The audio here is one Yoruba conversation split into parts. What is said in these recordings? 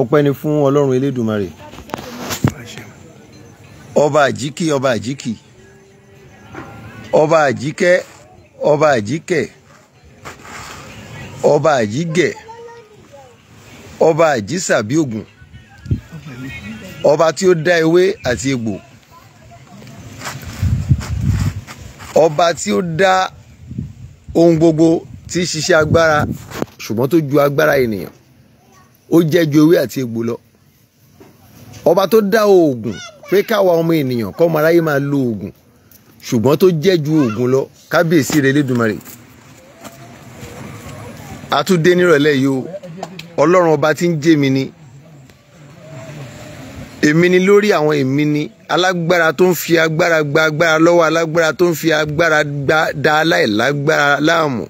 ọpẹ́ ni fún ọlọ́run elédùmarè ọba àjíkì ọba àjíkì ọba àjíkẹ́ ọba àjíkẹ́ ọba àjígẹ̀ ọba àjísàbí ògùn ọba tí ó dá ewé àti egbò ọba tí ó dá ohun gbogbo tí ṣiṣẹ́ agbára ṣùgbọ́n tó ju agbára ènìyàn ó jẹ́ ju ewé àti egbò lọ ọba tó dá oògùn pé káwa ọmọ ènìyàn kọ́ ọmọ aráyé máa lo oògùn ṣùgbọ́n tó jẹ́ ju oògùn lọ kábíyèsí rẹ̀ lẹ́dùnmarè àtúndé nírọ̀lẹ́ yìí o ọlọ́run ọba tí ń jẹ́ mi ni èmi ni lórí àwọn èmi ni alágbára tó ń fi agbára gba agbára lọ́wọ́ alágbára tó ń fi agbára da aláìlágbára láàmú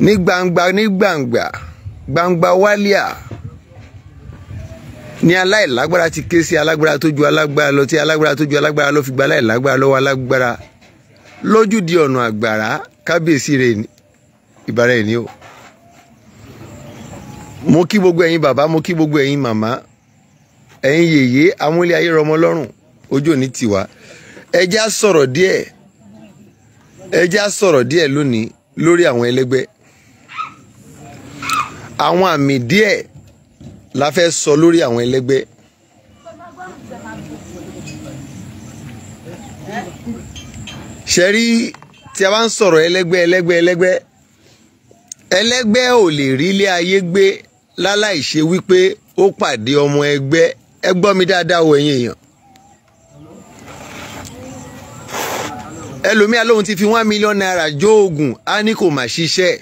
ní gbangba ní gbangba gbangba wálíà ní aláìlágbára ti ké sí alágbára tó ju alágbára lọ tí alágbára tó ju alágbára lọ fi gba aláìlágbára lọ́wọ́ alágbára lójúde ọ̀nà àgbàrá kábíyèsí rẹ̀ ìbára ẹ̀ ní o. mo kí gbogbo ẹ̀yin bàbá mo kí gbogbo ẹ̀yin màmá ẹ̀yin yèyé amúlé ayé rọmọ lọ́rùn ojú òní tiwa ẹjá sọ̀rọ̀ díẹ̀ ẹjá sọ̀rọ̀ díẹ̀ lónìí lórí àwọn ẹlẹ́gbẹ́ àwọn àmì díẹ̀ la fẹ́ sọ lórí àwọn ẹlẹ́gbẹ́. ṣẹ́rí tí a bá ń sọ̀rọ̀ ẹlẹ́gbẹ́ ẹlẹ́gbẹ́ ẹlẹ́gbẹ́ ẹlẹ́gbẹ́ ò lè rí ilé ayé gbé láláì ṣe wípé ó pàdé ọmọ ẹgbẹ́ ẹ gbọ́ mi dáadáa o ẹ̀yin èèyàn. ẹlòmíà lóhun ti fi one million naira jó oògùn á ní kò mà ṣiṣẹ́.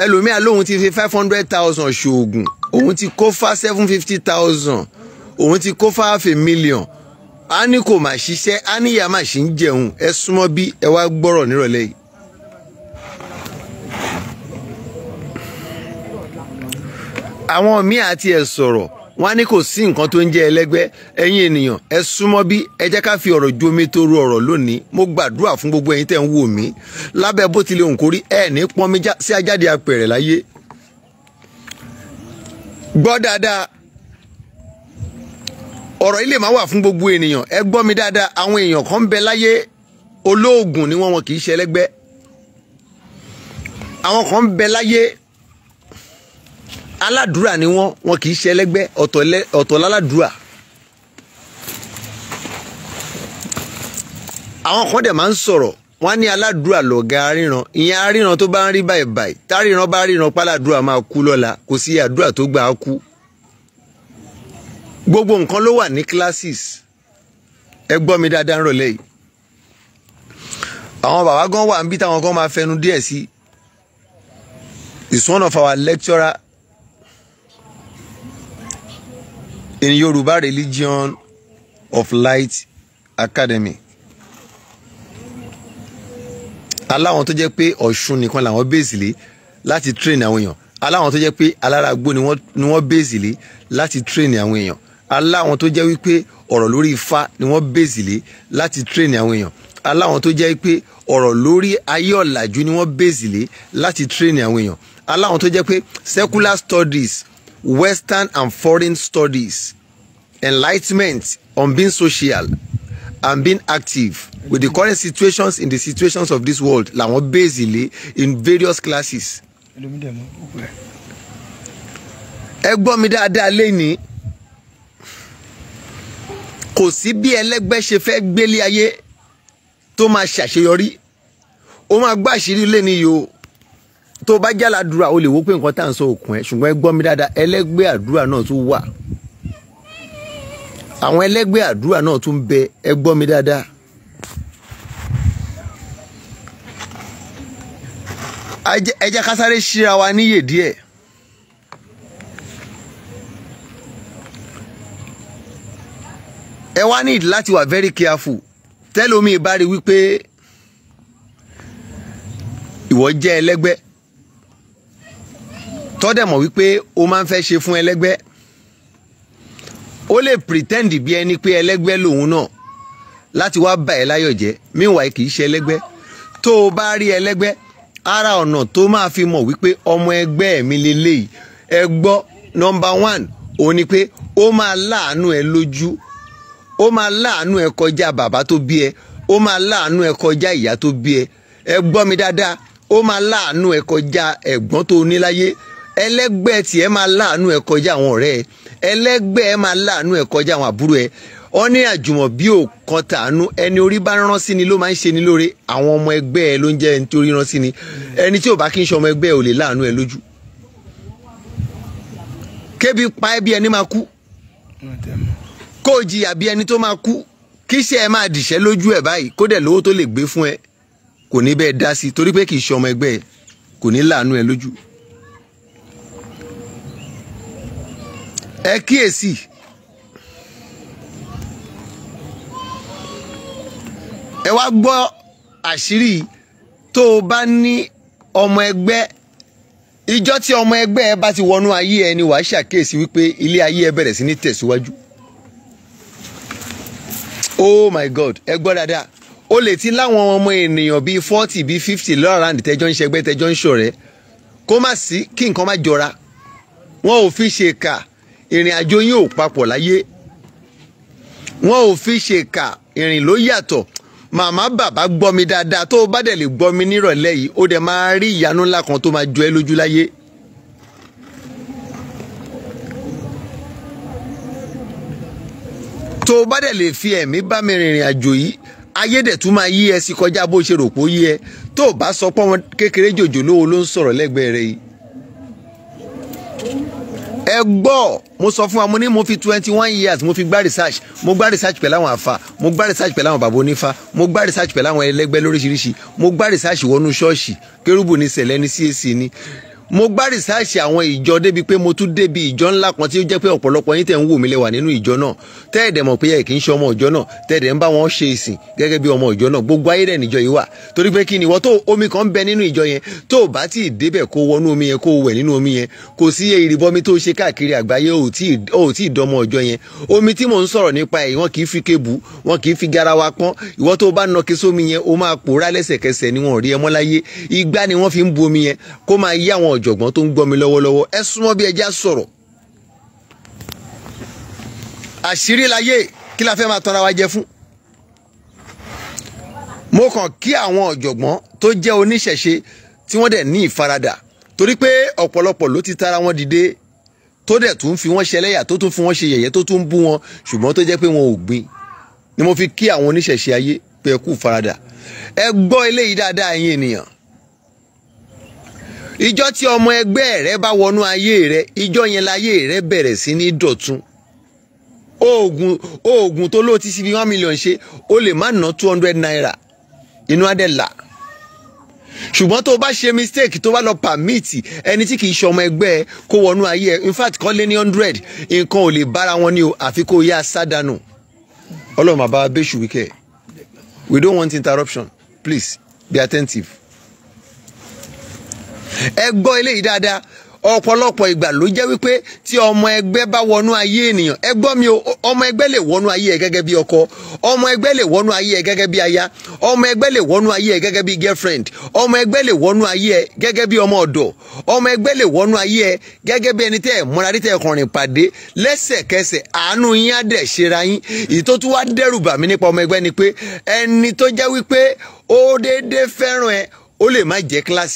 ẹlòmíà lóun ti fi five hundred thousand ṣoògùn òun ti kó fa seven fifty thousand òun ti kó fa half a million a ní kò mà ṣiṣẹ́ a níyà mà ṣì ń jẹun ẹ súnmọ́ bí ẹ wá gbọ́rọ̀ nírọ̀lẹ́ yìí. àwọn míì àti ẹ̀ sọ̀rọ̀ wọ́n á ní kò sí nǹkan tó ń jẹ́ ẹlẹ́gbẹ́ ẹ̀yin ènìyàn ẹ súnmọ́ bí ẹ jẹ́ ká fi ọ̀rọ̀ ju omi tó ru ọ̀rọ̀ lónìí mo gbàdúrà fún gbogbo ẹ̀yin tẹ́ ń wò mí lábẹ́ bó tilẹ̀ òǹkórí ẹ̀ ní pọ́nmi sí ajáde apẹ̀rẹ̀ láyé. gbọ́ dáadáa ọ̀rọ̀ ilé máa wà fún gbogbo ènìyàn ẹ gbọ́ mi dáadáa àwọn èèyàn kan ń bẹ láyé olóògùn ni wọ́n wọn kì í ṣe àwọn kan ń bẹ láyé aládùúrà ni wọ́n wọn kì í ṣe ẹlẹ́gbẹ́ ọ̀tọ̀ láládùúrà. àwọn kan dẹ̀ máa ń sọ̀rọ̀ wọ́n á ní aládùúrà lọ̀gá aríran ìyẹn aríran tó bá ń rí báyìí báyìí táríran bá ríran páládùúrà máa kú lọ́la kò sí àdúrà tó gbà á kú. gbogbo nǹkan ló wà ní classes ẹ gbọ́ mi dáadáa ń rọ̀lẹ́ yìí. àwọn bàbá gan wà níbi táwọn kan máa fẹnu díẹ̀ sí. is one of our lecturer in Yoruba Religion of Light Academy aláwọn tó jẹ́ pé Ọ̀ṣun nìkan làwọn bẹ́ẹ̀sì lé láti train àwọn èèyàn aláwọn tó jẹ́ pé alárágbó ni wọ́n bẹ́ẹ̀sì lé láti train àwọn èèyàn aláwọn tó jẹ́ wípé ọ̀rọ̀ lórí Ifá ni wọ́n bẹ́ẹ̀sì lé láti train àwọn èèyàn aláwọn tó jẹ́ pé ọ̀rọ̀ lórí ayé ọ̀làjú ni wọ́n bẹ́ẹ̀sì lé láti train àwọn èèyàn aláwọn tó jẹ́ pé secular studies Western and foreign studies, enlightenment on being social and being active with the current situations in the situations of this world làwọn basically in various classes. ẹ gbọ́ mi dáadáa lẹ́ni kò sí bí ẹlẹ́gbẹ́ ṣe fẹ́ gbélé ayé tó máa ṣàṣeyọrí ó máa gbá àṣírí lẹ́ni o tó bá jàládùúrà o lè wò pé nǹkan tá à ń sọ òkun ẹ ṣùgbọ́n ẹ gbọ́ mi dáadáa ẹlẹ́gbẹ́ àdúrà náà tún wà àwọn ẹlẹ́gbẹ́ àdúrà náà tún bẹ ẹ gbọ́ mi dáadáa. ẹ jẹ́ ká sáré ṣíra wa níyè díẹ̀. ẹ wá need láti wà very careful tẹ́lómi ìbá rí wípé ìwọ jẹ́ ẹlẹ́gbẹ́ tọ́dẹ̀ mọ̀ wípé o máa ń fẹ́ ṣe fún ẹlẹ́gbẹ́ ó lè pretend bí ẹni pé ẹlẹ́gbẹ́ lòun náà láti wá bà ẹ́ láyọ̀ jẹ́ meanwhile kì í ṣe ẹlẹ́gbẹ́ tó o bá rí ẹlẹ́gbẹ́ ara ọ̀nà tó máa fi mọ̀ wípé ọmọ ẹgbẹ́ mi lélẹ́yìí ẹ number one òun ni pé ó máa láàánú ẹ lójú ó máa láàánú ẹ kọjá bàbá tó bí ẹ ó máa láàánú ẹ kọjá ìyá tó bí ẹ ẹ gbọ́ mi dáadáa ó máa láàánú ẹ kọjá ẹ̀gbọ́n tó ní láyé ẹlẹ́gbẹ́ tiẹ̀ máa láàánú ẹ kọjá àwọn ọ̀rẹ́ ẹ ẹlẹ́gbẹ́ ẹ máa láàánú ẹ kọjá àwọn àbúrò ẹ ọ ní àjùmọ̀bí ò kan tàánú ẹni orí bá rán sí ni ló máa ń ṣe ni lóore àwọn ọmọ ẹgbẹ́ ẹ ló ń jẹ́ ẹni tí orí rán sí ni ẹni tí ò bá kí ń ṣe ọmọ ẹgbẹ́ ẹ ò lè láàánú ẹ lójú. kébi pa ẹ bí ẹni máa kú kó o jìyà bí ẹni tó máa kú kí iṣẹ́ ẹ máa dìṣẹ́ lójú ẹ báyìí kó dẹ̀ lówó tó lè gbé fún ẹ kò ní bẹ́ẹ̀ dá sí torí pé kì í ṣe ọmọ ẹgbẹ́ ẹ kò ní láàánú ẹ lójú. ẹ kíyèsí ẹ wá gbọ́ àṣírí tó o bá ní ọmọ ẹgbẹ́ ìjọ tí ọmọ ẹgbẹ́ ẹ bá ti wọnú ayé ẹ ni wàá ṣàkíyèsí wípé ilé ayé ẹ bẹ̀rẹ̀ sí ní tẹ̀síwájú oh my god ẹ gbọ́ dáadáa o lè ti láwọn ọmọ ènìyàn bíi forty bíi fifty lọ́ra àǹdí tẹ́jọ́ ń ṣẹgbẹ́ tẹ́jọ́ ń ṣọ̀rẹ́ kó má sí kí nǹkan má jọra wọn ò fi ṣe kà ìrìn àjò yín ò papọ̀ láyé wọn ò fi ṣèkà ìrìn ló yàtọ̀ màmá bàbá gbọ́ mi dáadáa tó o bá dẹ̀ lè gbọ́ mi nírọ̀lẹ́ yìí ó dẹ̀ máa rí ìyanu ńlá kan tó máa jọ ẹ́ lójú láyé. tó o bá dẹ̀ lè fi ẹ̀mí bá mi rìnrìn àjò yìí ayé dẹ̀ tún máa yí ẹ sí kọjá bó ṣe rò pé yí ẹ tó o bá sọ pé ọmọ kékeré jòjòlówó ló ń sọ̀rọ̀ lẹ́gbẹ̀ẹ́ rẹ yìí ẹ gbọ́ mo sọ fún wa mo ní mo fi twenty one years mo fi gba research mo gba research pẹ̀lú àwọn àfa mo gba research pẹ̀lú àwọn bàbá onífá mo gba research pẹ̀lú àwọn ẹlẹ́gbẹ́ lóríṣiríṣi mo gba research wọnú ṣọ́ọ̀ṣì kérúbù ni sẹ̀lẹ́ ní CAC ni mo gbá rìsáàsì àwọn ìjọ débi pé mo tún débi ìjọ ńlá kan tí ó jẹ́ pé ọ̀pọ̀lọpọ̀ yín tẹ̀ ń wò mí lẹ́wà nínú ìjọ náà tẹ́ẹ̀dẹ̀ mọ̀ pé ẹ̀ kì í ṣe ọmọ ìjọ náà tẹ́ẹ̀dẹ̀ ń bá wọn ṣe ìsìn gẹ́gẹ́ bí ọmọ ìjọ náà gbogbo ayé dẹ̀ níjọ yìí wà torí pé kí ni ìwọ tó omi kan bẹ nínú ìjọ yẹn tó o bá tí ì débẹ̀ kó wọnú omi yẹn kó wẹ̀ nínú omi yẹn kò sí iye ìrìbọmi tó ṣe káàkiri àgbáyé o ò tí ì dọmọ ìjọ yẹn omi tí mò ń sọ̀rọ̀ nípa ẹ̀ wọn kì í fi kébù wọn kì í fi garawa pọ́n ìwọ tó o bá nọkè sómi yẹn o máa pòórá lẹ́sẹ̀kẹsẹ̀ ni wọn ò rí ẹ láyé igbá ni wọ́n fi ń bu omi yẹn kó máa yí àwọn ọ̀jọ̀gbọ́n tó ń gbọ́ mi lọ́wọ́lọ́wọ́ ẹ súnmọ́ bí ẹja sọ̀rọ̀ àṣírí láyé kí la fẹ́ máa tanra wa jẹ fún. mo kàn kí àwọn ọ̀jọ̀gbọ́n tó jẹ́ oníṣẹ̀ṣe tí wọ́n dẹ̀ ní ìfaradà torí pé ọ̀pọ̀lọpọ̀ ló ti tara wọn dìde tó dẹ̀ tún fi wọ́n ṣẹlẹ́yà tó tún fi wọ́n ṣe yẹ̀yẹ́ tó tún bú wọn ṣùgbọ́n tó jẹ́ pé wọn ò gbìn ni mo fi kí àwọn oníṣẹ̀ṣe ayé pé ẹ kú faradà ẹ gbọ́ eléyìí dáadáa ẹ̀yin ènìyàn ìjọ tí ọmọ ẹgbẹ́ rẹ bá wọnú ayé rẹ ìjọ yẹn láyé rẹ bẹ̀rẹ̀ sí ní dọ̀tun oògùn oògùn tó lóò ti sí one million ṣe ó lè má ná two hundred naira inú adé là ṣùgbọ́n tó o bá ṣe mistake tó bá lọ permit ẹni tí kìí ṣe ọmọ ẹgbẹ́ kó wọnú ayé ẹ in fact kọ́ lé ní hundred nǹkan ò lè bára wọn ní o àfi kó o yá sádànù ọlọ́run àbá bẹ́ṣù wíkẹ́ we don't want interruption please be attentive ẹ gbọ́ eléyìí dáadáa ọ̀pọ̀lọpọ̀ ìgbà ló jẹ́ wípé tí ọmọ ẹgbẹ́ bá wọnú ayé ènìyàn ẹ gbọ́ mi o ọmọ ẹgbẹ́ lè wọnú ayé ẹ gẹ́gẹ́ bí ọkọ ọmọ ẹgbẹ́ lè wọnú ayé ẹ gẹ́gẹ́ bí aya ọmọ ẹgbẹ́ lè wọnú ayé ẹ gẹ́gẹ́ bí girlfriend ọmọ ẹgbẹ́ lè wọnú ayé ẹ gẹ́gẹ́ bí ọmọ ọ̀dọ̀ ọmọ ẹgbẹ́ lè wọnú ayé ẹ gẹ́gẹ́ bí ẹni tẹ́ ẹ múra dé tẹ́ ẹ kọrin pàdé lẹ́sẹ̀kẹsẹ̀ àánú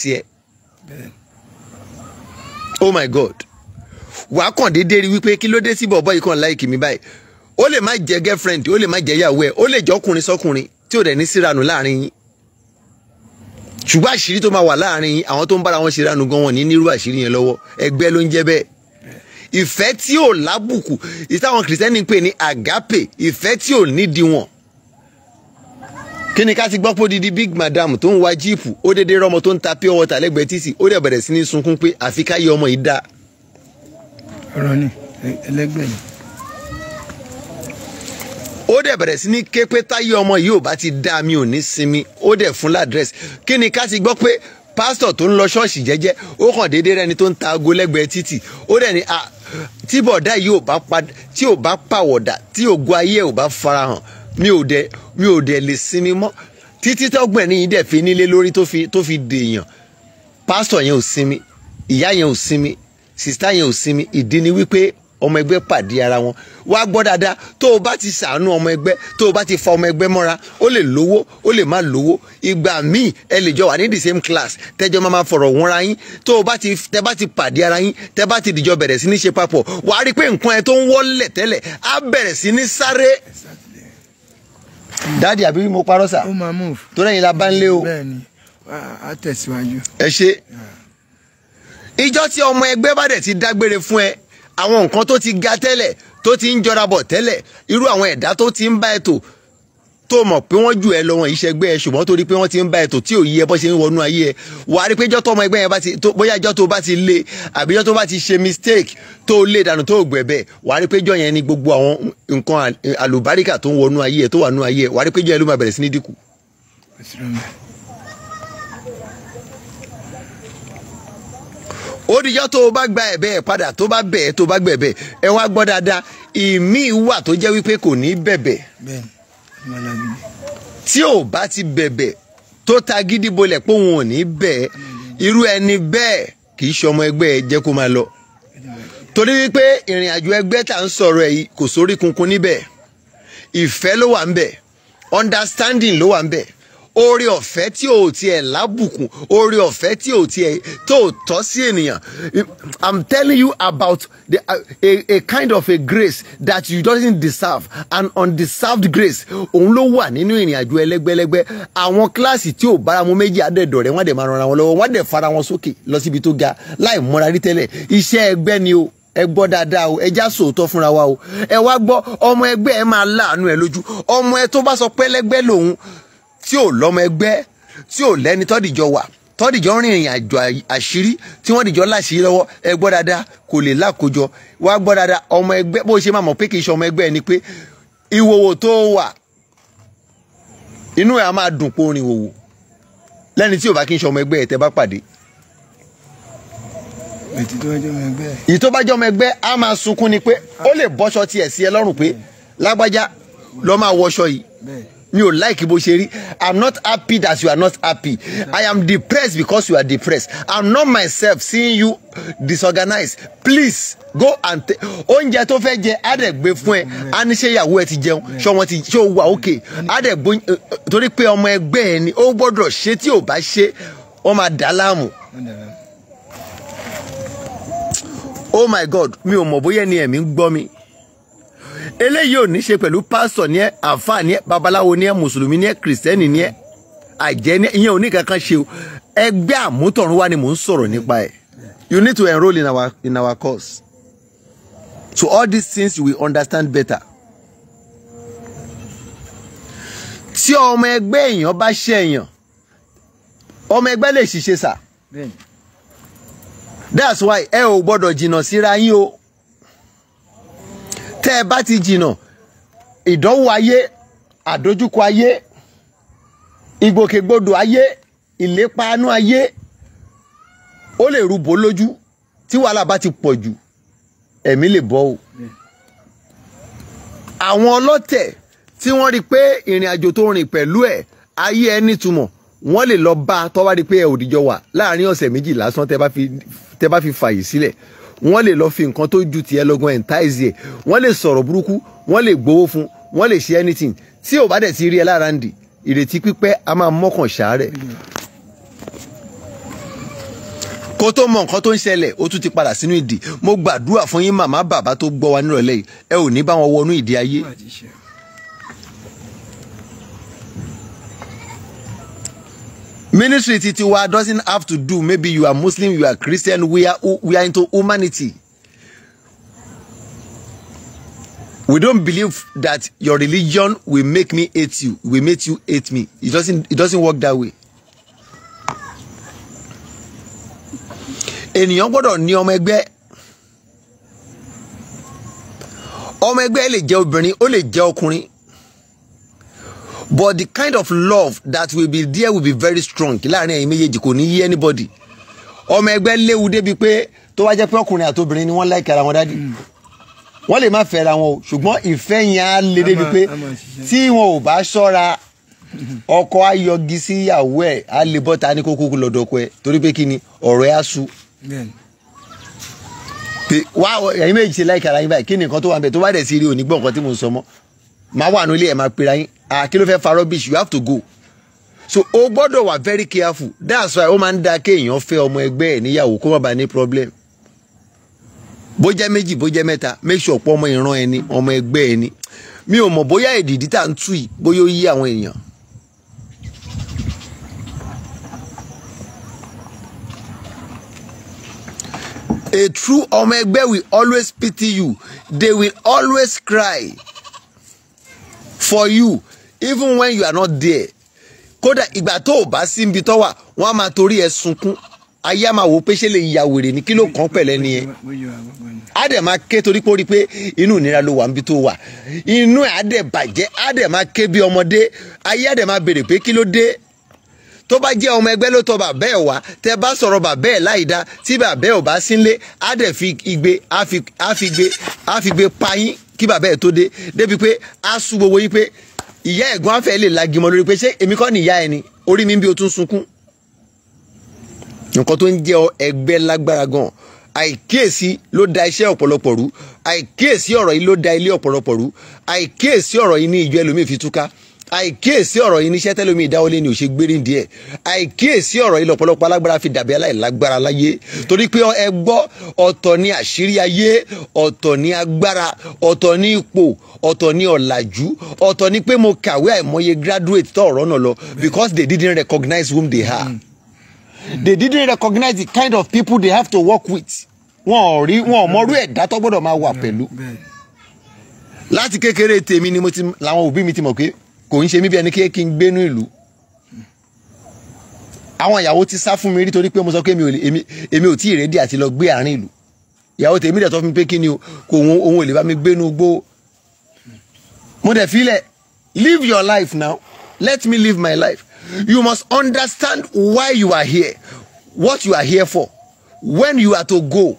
yín á oh my god wàá kàn déédéé rí wípé kí ló dé sí bọ̀bọ̀ yìí kàn láìkì mi báyìí ó lè má jẹ́ girlfriend ó lè má jẹ́ ìyàwó ẹ̀ ó lè jọ́kùnrin sọ́kùnrin tí ò dẹ̀ ní síranù láàrin yín ṣùgbọ́n àṣírí tó máa wà láàrin yín àwọn tó ń bára wọn ṣe ránu gan wọn ní nírú àṣírí yẹn lọ́wọ́ ẹgbẹ́ ló ń jẹ́ bẹ́ẹ̀ ìfẹ́ tí ò lábùkù ìtàwọn kìrìsìtẹ́nì pè ní àgápè ìfẹ́ tí ò nídìí wọn kí ni ká ti gbọ́ pé odidi big madam tó ń wa jíìpù ó dédé rọmọ tó ń ta pure water lẹ́gbẹ̀ẹ́ títì ó dẹ̀ bẹ̀rẹ̀ sí ní sunkún pé àfi ká yẹ ọmọ yìí dá. ọ̀rọ̀ ni ẹlẹ́gbẹ̀ẹ́ ni. ó dẹ̀ bẹ̀rẹ̀ sí ní ké pé táyé ọmọ yìí ò bá ti dá mi ò ní sinmi ó dẹ̀ fún ládírẹ́sì kí ni ká ti gbọ́ pé pásítọ̀ tó ń lọ ṣọ́ọ̀ṣì jẹ́jẹ́ ó kàn déédé rẹni tó ń ta aago lẹ́gbẹ̀ẹ́ títì ó dẹ̀ ní tí yìí ò bá pàwọ̀dà tí ògo ayé ò bá farahàn mi ò dẹ̀ mi ò dẹ̀ lè sinmi mọ́ títí tọ́gbọ̀n ẹni yìí dẹ̀ fi nílé lórí tó fi tó fi dèèyàn pásítọ̀ yẹn ò sinmi ìyá yẹn ò sinmi sìstá yẹn ò sinmi ìdí ni wípé ọmọ ẹgbẹ́ pàdé ara wọn wá gbọ́ dáadáa tó o bá ti ṣàánú ọmọ ẹgbẹ́ tó o bá ti fa ọmọ ẹgbẹ́ mọ́ra ó lè lówó ó lè má lówó ìgbà míì ẹ lè jọ wà ní the same class tẹjọ máa máa fọ̀rọ̀ wọ́nra yín tó o bá ti tẹ bá ti pàdé ara yín tẹ bá ti dìjọ bẹ̀rẹ̀ sí ní ṣe papọ̀ wàá rí pé nǹkan ẹ tó ń wọ́lẹ̀ tẹ́lẹ̀ á bẹ̀rẹ̀ sí ní sáré dáàdì àbí mo parọ́ sà. ó máa move. torí ẹ̀yin la bá ń lé o. bẹ́ẹ̀ni a tẹ̀síwájú. ẹ ṣe ìjọ tí ọmọ ẹgbẹ́ bá dẹ̀ ti dágbére fún ẹ àwọn nǹkan tó ti ga tẹ́lẹ̀ tó ti ń jọra bọ̀ tẹ́lẹ̀ irú àwọn ẹ̀dá tó ti ń bá ẹ tò tó mọ̀ pé wọ́n jù ẹ lọ wọn ìṣẹ́gbẹ́ ẹ ṣùgbọ́n torí pé wọ́n ti ń bá ètò tí ò ẹ bọ́ ṣe ń wọnú ayé ẹ wà á rí pé jọ́tọ̀ ọmọ ẹgbẹ́ yẹn bá ti bóyá jọ́tọ̀ bá ti le àbí jọ́tọ̀ bá ti ṣe mistake tó lé dànù tó gbẹ̀ bẹ́ẹ̀ wà á rí pé jọ́ yẹn ni gbogbo àwọn nǹkan àlùbáríkà tó ń wọnú ayé ẹ tó wà nú ayé ẹ wà á rí pé jọ́ yẹn ló odijọ́ tó o bá gba ẹ̀bẹ̀ ẹ̀ padà tó bá bẹ̀ tó bá gbẹ̀bẹ̀ ẹ wá gbọ́ dáadáa ìmíì wà tó jẹ́ wípé kò ní bẹ̀bẹ̀. bẹ́ẹ̀ni tí ò bá ti bẹ̀bẹ̀ tó ta gidi bolẹ̀ pé òun ò ní bẹ́ẹ̀ irú ẹni bẹ́ẹ̀ kì í ṣọmọ ẹgbẹ́ ẹ jẹ́ kó máa lọ torí wípé ìrìn àjò ẹgbẹ́ tá ń sọ̀rọ̀ ẹ̀ kò sórí kunkun níbẹ̀ ìfẹ́ ló wà ń bẹ̀ understanding ló wà ń bẹ̀ oore ọ̀fẹ́ tí ò tiẹ̀ lábùkún oore ọ̀fẹ́ tí ò tiẹ̀ tó tọ́ sí ènìyàn i'm telling you about the, a, a kind of a grace that you don't deserve an undeserved grace òun ló wà nínú ìrìn àjò ẹlẹ́gbẹ́lẹ́gbẹ́ àwọn kíláàsì tí ò bára mu méjì àdẹ̀dọ̀ rẹ̀ wọ́n dẹ̀ máa ranra wọn lọ́wọ́ wọ́n dẹ̀ fara wọn sókè lọ síbi tó ga láì mọ́ra rí tẹ́lẹ̀ iṣẹ́ ẹgbẹ́ ni o ẹ gbọ́ dáadáa o ẹ já sòótọ́ fúnra wa o ẹ wá gbọ́ ọmọ ẹgbẹ́ ẹ máa láàánú ẹ lójú ọmọ ẹ tó bá sọ pẹ́lẹ́gbẹ́ lòun tí ò lọ́mọ ẹgbẹ́ tí ò lẹ́ni tọ́dìjọ wà tọ́dìjọ rìnrìn àjò àṣírí tí wọ́n dìjọ láṣìírí lọ́wọ́ ẹ gbọ́ dáadáa kò lè lákòjọ wá gbọ́ dáadáa ọmọ ẹgbẹ́ bó ṣe máa mọ̀ pé kì í ṣe ọmọ ẹgbẹ́ ni pé ìwòwò tó wà inú ẹ̀ á máa dùn pé orin ìwòwò lẹ́ni tí ò bá kí n ṣe ọmọ ẹgbẹ́ ẹ̀ tẹ́ bá pàdé. èyí tó bá jẹ́ ọmọ ẹgbẹ́ á máa sunkún ni pé ó lè bọ́ṣọ tiẹ̀ sí ẹ lọ́rùn pé lágbájá lọ́ máa wọṣọ yìí mi ò like bó ṣe rí i'm not happy that you are not happy i am depressed because you are depressed i'm not myself seeing you disorganized please go and take oúnjẹ tó fẹ́ jẹ á fún ẹ á ẹ ti jẹun ṣé wọn ti ṣé o wà okay á eh, eh, torí pé ọmọ ẹgbẹ́ ẹ ni ó gbọ́dọ̀ ṣe tí ò bá ṣe wọ́n máa dà á láàmú oh my god mi ò mọ̀ bóyá ẹni ẹ̀mí ń gbọ́ mi eléyìí ò ní ṣe pẹ̀lú pásítọ̀ ní ẹ àfáà ní ẹ babaláwo ní ẹ mùsùlùmí ní ẹ kìrìsìtẹ́nì ní ẹ àjẹ́ ní ẹ ìyẹn ò ní kankan ṣe o ẹgbẹ́ àmútọ̀run wa ni mò ń sọ̀rọ̀ nípa ẹ̀ you need to enroll in our in our course so all these things you will understand better. tí ọmọ ẹgbẹ́ èèyàn bá ṣe èèyàn ọmọ ẹgbẹ́ lè ṣiṣẹ́ sà that's why ẹ ò gbọ́dọ̀ jìnnà síra yín o tẹ́ ẹ bá ti jìnnà ìdánwò ayé àdójúkọ ayé ìgbòkègbodò ayé ìlépa anú ayé ó lè rúbọ lójú tí wàhálà bá ti pọ̀ jù ẹ̀mí lè bọ́ o. àwọn ọlọ́tẹ̀ tí wọ́n rí i pé ìrìn àjò tó rìn pẹ̀lú ẹ̀ ayé ẹ nítumọ̀ wọ́n lè lọ bá a tọ́wá pé ẹ ò wà láàrin ọ̀sẹ̀ méjì lásán tẹ́ bá fi fàyè sílẹ̀. Si wọ́n lè lọ fi nǹkan tó ju tiẹ̀ lọ́gán entice ẹ̀ wọ́n lè sọ̀rọ̀ burúkú wọ́n lè gbowó fún wọ́n lè ṣe anything tí ò bá dẹ̀ ti rí ẹ lára ń dì ìrètí pípẹ́ a máa mọ́kàn ṣàárẹ̀ kó tó mọ nǹkan tó ń ṣẹlẹ̀ ó tún ti padà sínú ìdì mo gbàdúrà fún yín màmá bàbá tó gbọ́ wa nírọ̀lẹ́ yìí ẹ ò ní bá wọn wọnú ìdí ayé. Ministry Titiwa doesn't have to do, maybe you are Muslim, you are Christian, we are, we are into humanity. We don't believe that your religion will make me hate you, will make you hate me. It doesn't, it doesn't work that way. Ènìyàn gbọ́dọ̀ ní ọmọ ẹgbẹ́. Ọmọ ẹgbẹ́ lè jẹ́ obìnrin, ó lè jẹ́ ọkùnrin but the kind of love that will be there will be very strong láàrin ẹ̀yin méjèèjì kò ní yé anybody ọmọ ẹgbẹ́ léwu débi pé tó wá jẹ́ pé ọkùnrin àti obìnrin ni wọ́n láìka ara wọn dádì hmm. wọ́n lè má fẹ́ra wọn o ṣùgbọ́n ìfẹ́ yẹn á le débi pé tí wọn ò bá ṣọ́ra ọkọ á yọgi sí ìyàwó ẹ̀ á lè bọ́ta ní kókó lọ́dọ̀ọ́kọ ẹ̀ torí pé kí ni ọ̀rọ̀ ẹ̀ á sú wá ẹ̀yin méjì ṣe láìka ara yín báyìí kí ni nǹkan tó wà ń bẹ̀ tó bá dẹ̀ sí rí òní gbọ́ nǹkan tí mo sọ mọ́ máa wà nílé ẹ̀ máa pera yín àkí ló fẹ́ fa rubbish you have to go so o gbọ́dọ̀ wà very careful that's why ó máa ń da kéèyàn fẹ́ ọmọ ẹgbẹ́ ẹ̀ níyàwó kó má bàa ní problem bó jẹ́ méjì bó jẹ́ mẹ́ta make sure pé ọmọ ìran ẹni ọmọ ẹgbẹ́ ẹni mi ò mọ̀ bóyá èdìdí tá à ń tù yìí bóyá ó yí àwọn èèyàn. A true ọmọ ẹgbẹ́ will always pity you they will always cry for you even when you are not there kódà ìgbà tó o bá sí ibi tó wà wọ́n á máa torí ẹ sunkún ayé á máa wò pé ṣé lè ya wèrè ní kí ló kàn pẹ̀lẹ́ ni yẹn á dẹ̀ máa ké torí pé ó rí i pé inú ìnira ló wà níbi tó wà inú ẹ̀ á dẹ̀ bàjẹ́ á dẹ̀ máa ké bí ọmọdé ayé á dẹ̀ máa béèrè pé kí ló dé tó bá jẹ́ ọmọ ẹgbẹ́ ló tọ́ bàbá ẹ̀ wá tẹ́ bá sọ̀rọ̀ bàbá ẹ̀ láì dá tí bàbá ẹ̀ ò bá sínlé á dẹ̀ fi igbe á fi gbé pa yín kí bàbá ẹ̀ tó dé débi pé a sùn gbogbo yín pé ìyá ẹ̀gbọ́n afẹ́ lè lagi lórí pé ṣé èmi kọ́ ni ìyá ẹ ni orí mi ń bí o tún sunkún nǹkan tó ń jẹ́ ẹgbẹ́ lágbára gan àìkíyèsí ló da iṣẹ́ ọ̀pọ̀lọpọ̀ rú àìkíyèsí ọ̀rọ̀ yìí ló da ilé ọ̀pọ̀lọpọ̀ rú àìkíyèsí ọ̀rọ̀ yìí ní ìjọ ẹlòmíì fi túká àìkíyèsí ọ̀rọ̀ yìí níṣẹ́ tẹ́lómi ìdáwọlé ni ò ṣe gbérí díẹ̀ àìkíyèsí ọ̀rọ̀ yìí lọ́pọ̀lọpọ̀ alágbára fi dàbí aláìlágbára láyé torí pé ẹ gbọ́ ọ̀tọ̀ ni àṣírí ayé ọ̀tọ̀ ni agbára ọ̀tọ̀ ni ipò ọ̀tọ̀ ni ọ̀làjú ọ̀tọ̀ ni pé mo kàwé àìmọye graduate tó ọ̀rọ̀ náà lọ because they didn't recognize whom they are mm. they didn't recognize the kind of people they have to work with wọn ò rí wọn ò mọrú ẹ̀dá tó gbọ́dọ̀ máa wà pẹ̀lú láti kékeré tèmi ni kò ń ṣe mí bí ẹni kí n gbénú ìlú àwọn ìyàwó ti sá fún mi rí torí pé mo sọ pé èmi ò tí ì rédí àti lọ gbé àárín ìlú ìyàwó tèmi dẹ̀ tọ́ fún mi pé kí ni o kò òun òun ò lè bá mi gbénú gbó mo dẹ̀ filẹ̀ live your life now let me live my life you must understand why you are here what you are here for when you are to go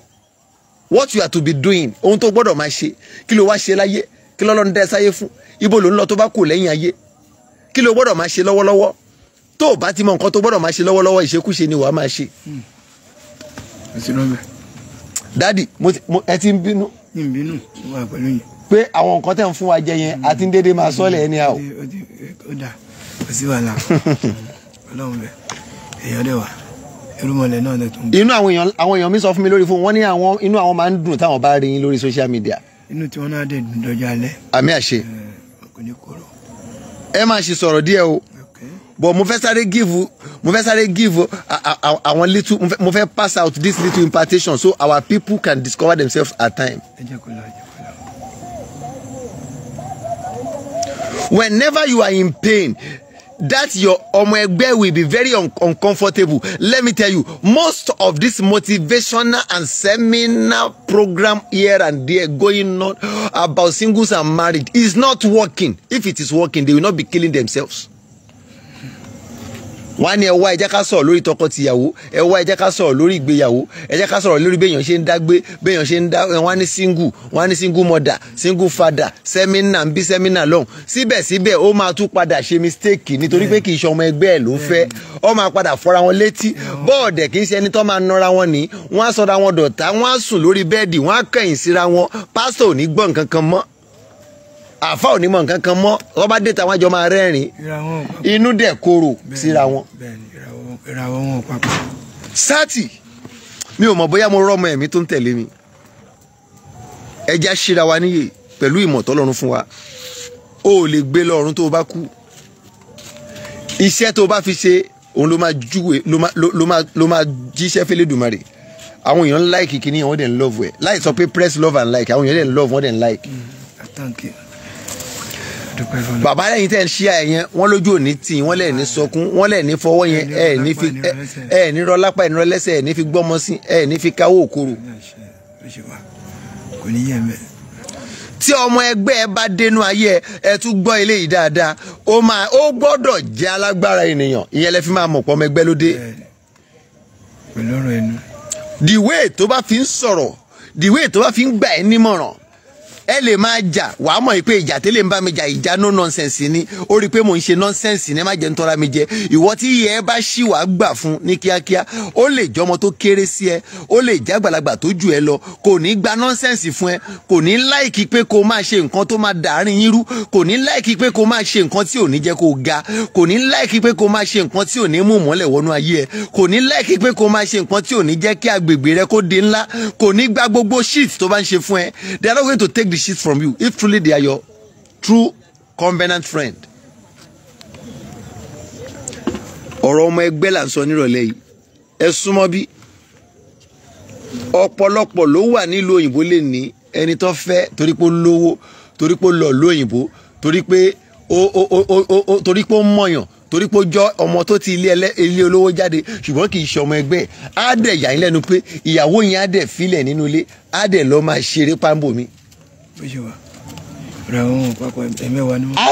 what you are to be doing ohun tó gbọ́dọ̀ máa ṣe kí ló wá ṣe láyé kí lọ́lọ́run dẹ́ sáyé fún ibo ló ń lọ tó bá kù lẹ́yìn ayé kí ló gbọ́dọ̀ máa ṣe lọ́wọ́lọ́wọ́ tó o bá ti mọ nǹkan tó gbọ́dọ̀ máa ṣe lọ́wọ́lọ́wọ́ ìṣekúṣe ni wàá máa ṣe. Hmm. dádì ẹ ti ń bínú. pé àwọn nǹkan tẹ̀ ń fún wa jẹ yẹn àti ń dédé máa sọ́ọ̀lẹ̀ ẹni a o. ó dà kò sí wàhálà ọlọ́run bẹ̀ èèyàn dẹ̀ wà irúmọlẹ̀ náà lẹ tó ń bọ̀. inú àwọn èèyàn àwọn èèyàn mi sọ fún mi lórí fún wọn ní àwọn inú àwọn máa ń dùn táwọn bá rí yín lórí social media. inú tí wọn náà dẹ̀ dùn dọjọ́ alẹ́. àmì àṣe. kò ní ẹ máa ṣe sọ̀rọ̀ díẹ̀ o but mo fẹ́ sáré give mo fẹ́ sáré give àwọn little mo fẹ́ pass out this little impartation so our people can discover themselves at time. Whenever you are in pain that your ọmọ ẹgbẹ́ will be very un uncomfortable let me tell you most of this motivational and seminar program here and there going on about singles and married is not working if it is working they will not be killing themselves wọ́n á ní ẹ wá ẹ jẹ́ ká sọ̀rọ̀ lórí tọkọ-tìyàwó ẹ wá ẹ jẹ́ ká sọ̀rọ̀ lórí ìgbéyàwó ẹ jẹ́ ká sọ̀rọ̀ lórí béèyàn ṣe ń dágbé béèyàn ṣe ń dá wọ́n á single wọ́n á single mother single father sẹ́mínà ń bí sẹ́mínà lọ́hùn síbẹ̀síbẹ̀ ó máa tún padà ṣe mistake nítorí pé kì í ṣe ọmọ ẹgbẹ́ ẹ̀ ló ń fẹ́ ó máa padà fọ́ra wọn létí bọ́ọ̀dẹ̀ kì í ṣe ẹni tó máa nọra wọn ní wọ́n á sọra wọn dọ̀tá wọ́n á sùn lórí bẹ́ẹ̀dì wọ́n á kẹ̀yìn síra wọn pásítọ̀ ò ní gbọ́ àfa ò ní mọ nǹkan kan mọ́ rọ́bà dé tàwọn àjọ máa rẹ́rìn inú dẹ̀ korò síra wọn. sátì mi ò mọ̀ bóyá mo rọ́mọ ẹ̀mí tó ń tẹ̀lé mi ẹja ṣíra wa níyè pẹ̀lú ìmọ̀ tọ́lọ́run fún wa o ò lè gbé lọ́run tó o bá kú iṣẹ́ tó o bá fi ṣe òun ló máa júwe ló máa jíṣẹ́ fẹ́lẹ́dùmarè àwọn èèyàn ń like kìíní wọn dẹ̀ ń love ẹ̀ láì sọ pé press love and like àwọn èèyàn dẹ̀ ń love wọn dẹ̀ ń like. Mm, bàbá lẹ́yìn tẹ́ ń ṣíà ẹ̀ yẹn wọ́n lójú òní tì wọ́n lẹ̀ ní sọkún wọ́n lẹ̀ ní fọwọ́ yẹn ẹ̀ ní fi ẹ̀ ní rọ lápá ẹ̀ ní rọ lẹ́sẹ̀ ẹ̀ ní fi gbọ́mọ sí ẹ̀ ní fi káwọ́ òkúrò. tí ọmọ ẹgbẹ́ ẹ bá dénú ayé ẹ tún gbọ́ ilé yìí dáadáa ó máa ó gbọ́dọ̀ jẹ́ alágbára ènìyàn ìyẹn lẹ fi máa mọ̀ pọ̀ ọmọ ẹgbẹ́ ló dé. the way tó bá fi ń sọ̀rọ̀ the way tó bá fi ń gbà ẹ́ nímọ̀ràn ẹ lè máa jà wàá mọ̀ pé ìjà tẹ́lẹ̀ ń bá mi jà ìjà no nonsense ni ó rí i pé mò ń ṣe nonsense ni ẹ má jẹ́ ń tọ́ra mi jẹ ìwọ tí iye ẹ bá ṣì wàá gbà fún ní kíákíá ó lè jọmọ tó kéré sí ẹ ó lè jẹ́ àgbàlagbà tó jù ẹ lọ kò ní gba nonsense fún ẹ kò ní láìkí pé kó máa ṣe nǹkan tó máa dàárín yín rú kò ní láìkí pé kó máa ṣe nǹkan tí ò ní jẹ́ kó ga kò ní láìkí pé kó máa ṣe nǹkan tí ò ní mú mọ́lẹ̀ wọnú ayé ẹ kò ní láìkí pé kó máa ṣe nǹkan tí ò ní jẹ́ kí agbègbè rẹ kó di ńlá kò ní gba gbogbo shit tó bá ń ṣe fún ẹ they are not going to take dishes from you if truly they are your true covenant friend. ọ̀rọ̀ ọmọ ẹgbẹ́ là ń sọ nírọ̀lẹ́ yìí ẹ súnmọ́ bí ọ̀pọ̀lọpọ̀ ló wà nílùú òyìnbó lè ní ẹni tó fẹ́ torí pé ó lówó torí pé ó lọ lóyìnbó torí pé ó ó ó ó torí pé ó mọ̀yàn torí pé ó jọ ọmọ tó ti ilé ilé olówó jáde ṣùgbọ́n kì í ṣe ọmọ ẹgbẹ́ á dẹ̀ yà yín lẹ́nu pé ìyàwó yín á dẹ̀ filẹ̀ nínú ilé á dẹ̀ lọ́ọ́ máa ṣeré páńbò mi bó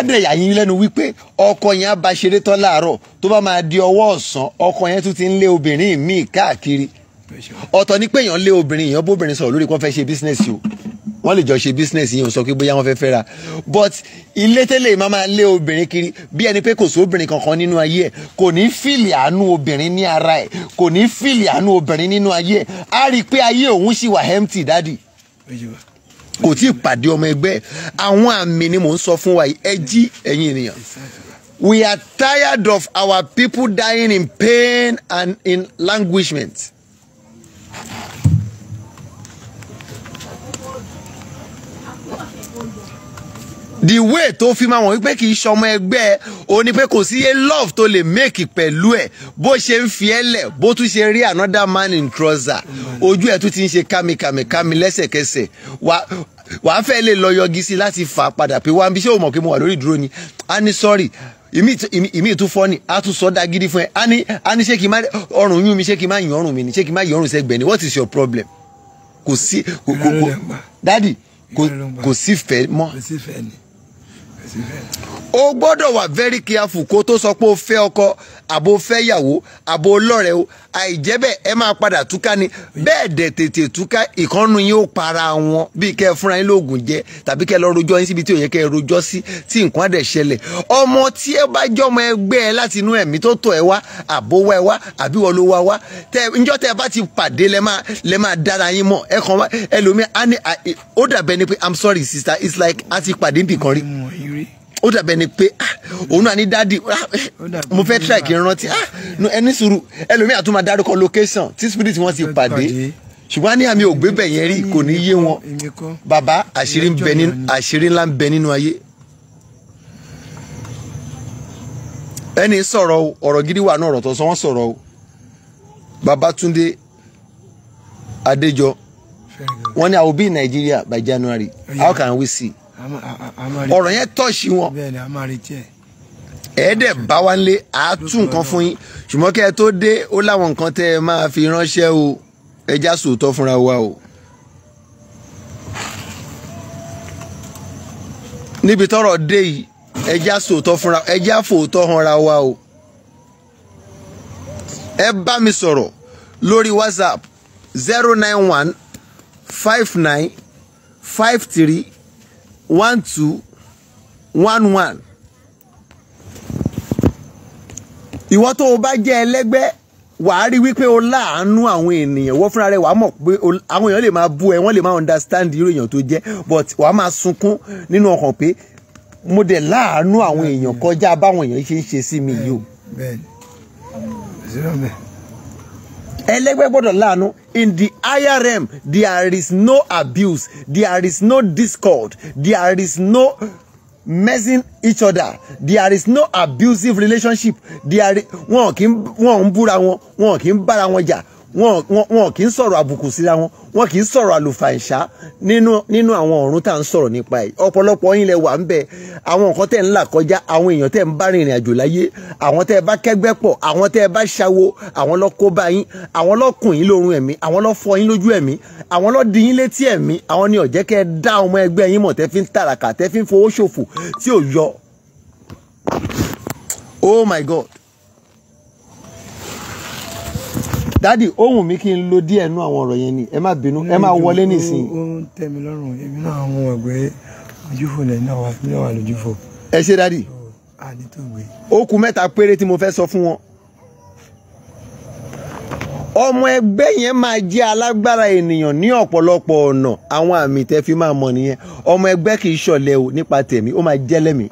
ṣe lẹ́nu wípé ọkọ yẹn á ṣeré tán láàárọ̀ tó bá máa di ọwọ́ ọ̀sán ọkọ yẹn tún ti ń lé obìnrin míì káàkiri ọ̀tọ̀ ni pé èèyàn lé obìnrin èèyàn bóbìnrin sọ̀rọ̀ lórí pé wọ́n fẹ́ ṣe bísínẹ́sì o wọ́n lè jọ ṣe bísínẹ́sì yìí ò sọ pé bóyá wọ́n fẹ́ fẹ́ ra but ilé tẹ́lẹ̀ máa máa lé obìnrin kiri bí ẹni pé kò sí obìnrin kankan nínú ayé ẹ̀ kò ní fìlì àánú obìnrin ní ara ẹ̀ kò ní fìlì àánú obìnrin nínú ayé ẹ̀ á rí i pé ayé òun ṣì wà empty daddy kò tí ì pàdé ọmọ ẹgbẹ́ àwọn àmì ni mò ń sọ fún wa yìí ẹ jí ẹ̀yin ènìyàn. We are tired of our people dying in pain and in languishment. the way tó fi máa wọ̀n wípé kì í ṣọmọ ẹgbẹ́ o ní pé kò sí iye love tó lè make pẹ̀lú ẹ̀ bó ṣe ń fi ẹ́ lẹ̀ bó tún ṣe rí another man in trouser ojú ẹ̀ tún ti ń ṣe kàmìkàmìkàmì lẹ́sẹ̀kẹsẹ̀ wàá fẹ́ lè lọ yọgi sí láti fà padà pé wá bí ṣé o mọ̀ pé mo wà lórí ìdúró ni a ní sọ́ọ̀rì ìmí tún fọ́ a tún sọ dá gidi fún ẹ a ní ṣé kí n má ọrùn yún mi ṣé kí n má yàn ọrùn mi ni ṣé kí n má yàn what is your problem kò sí kò kò dádì ni o gbọ́dọ̀ wà very careful kó tó sọ pé o fẹ́ ọkọ àbò fẹ́ yàwó àbò ọlọ́rẹ̀ o àìjẹ́ bẹ́ẹ̀ ẹ máa padà túká ni bẹ́ẹ̀ dẹ̀ tètè túká ìkànnù yín ó para wọn bíi kẹ́ ẹ fúnra yín lóògùn jẹ tàbí kẹ́ ẹ lọ rojọ́ yín síbi tí ò yẹ kẹ́ ẹ rojọ́ sí tí nǹkan á dẹ̀ ṣẹlẹ̀ ọmọ tí ẹ bá jọmọ ẹgbẹ́ ẹ láti inú ẹ̀mí tó tọ̀ ẹ wá àbò wá ẹ wá àbí wọ́n ló wá wá tẹ njọ́ tẹ bá ti pàdé lẹ máa lẹ máa dára yín mọ̀ ẹ kàn wá ẹlòmíà ó dàbẹ́ ni pé i'm sorry sister it's like a ti pàdé nbìkan rí. Mm, ó dàbẹ̀ ni pé ah, òun náà ní dádì ah, mo fẹ́ try kí n rántí ah, ẹni sùúrù ẹlòmíà tún máa dárúkọ location tí spirit wọn ti pàdé ṣùgbọ́n ní àmì ògbé bẹ̀ yẹn rí kò ní yé wọn bàbá àṣírí ńlá ń bẹ nínú ayé ẹni sọ̀rọ̀ o ọ̀rọ̀ gidi wà ní ọ̀rọ̀ tó sọ wọ́n sọ̀rọ̀ o Babátúndé Adéjọ wọ́n ní I will be Nigeria by January how can we see ọ̀rọ̀ yẹn tọ́ọ̀ṣì wọn ẹ̀ẹ́dẹ̀ bá wa lé àátú nǹkan fún yín ṣùgbọ́n kẹ́ ẹ tó dé ó láwọn nǹkan tẹ́ ẹ máa fi ránṣẹ́ o ẹja sòótọ́ fúnra wa o. níbi tọ́rọ̀ dé yìí ẹja sòótọ́ fúnra ẹja fòótọ́ hanra wa o. ẹ bá mi sọ̀rọ̀ lórí whatsapp zero nine one five nine five three one two one one ìwọ tó o bá jẹ́ ẹlẹ́gbẹ́ wàá rí wípé o láàánú àwọn ènìyàn wọ́n fúnra rẹ̀ wàá mọ̀ pé àwọn èèyàn lè máa bú ẹ wọ́n lè máa understand irú èèyàn tó jẹ́ but wàá máa sunkún nínú ọkàn pé mo dẹ̀ láàánú àwọn èèyàn kọjá báwọn èèyàn ṣe ń ṣe sí mi yìí o. bẹ́ẹ̀ni bẹ́ẹ̀ni ẹlẹ́gbẹ́ gbọ́dọ̀ láàánú in the higher realm there is no abuse there is no discord there is no messing each other there is no abusive relationship there wọn kì í wọn ń búra wọn wọn kì í bára wọn jà wọn kì í sọ̀rọ̀ àbùkù síra wọn wọn kì í sọ̀rọ̀ àlùfàǹṣá nínú àwọn ọ̀run tá à ń sọ̀rọ̀ nípa ẹ̀ ọ̀pọ̀lọpọ̀ yín lẹ wà ń bẹ àwọn nǹkan tẹ̀ ń là kọjá àwọn èèyàn tẹ̀ ń bá rìnrìn àjò láyé àwọn tẹ̀ bá kẹ́gbẹ́ pọ̀ àwọn tẹ̀ bá ṣawo àwọn ló yín àwọn ló yín lórun ẹ̀mí àwọn ló yín lójú ẹ̀mí àwọn ló yín Oh my God dádì ohun mi kí n lo díẹ̀ nú àwọn ọ̀rọ̀ yẹn ni ẹ má bínú ẹ má wọlé nísìnyí. ó ń tẹ́ mi lọ́rùn èmi náà mú ẹgbẹ́ ojúfò lẹ́yìn náà wà nílẹ̀ wà lójúfò. ẹ ṣe dádì. ó kù mẹ́ta péré tí mo fẹ́ sọ fún wọn. ọmọ ẹgbẹ́ yẹn máa jẹ́ alágbára ènìyàn ní ọ̀pọ̀lọpọ̀ ọ̀nà àwọn àmì tẹ́ fi máa mọ̀ nìyẹn ọmọ ẹgbẹ́ kì í ṣọ̀lẹ o nípa tẹ̀mí ó máa jẹ́ lẹ́mìí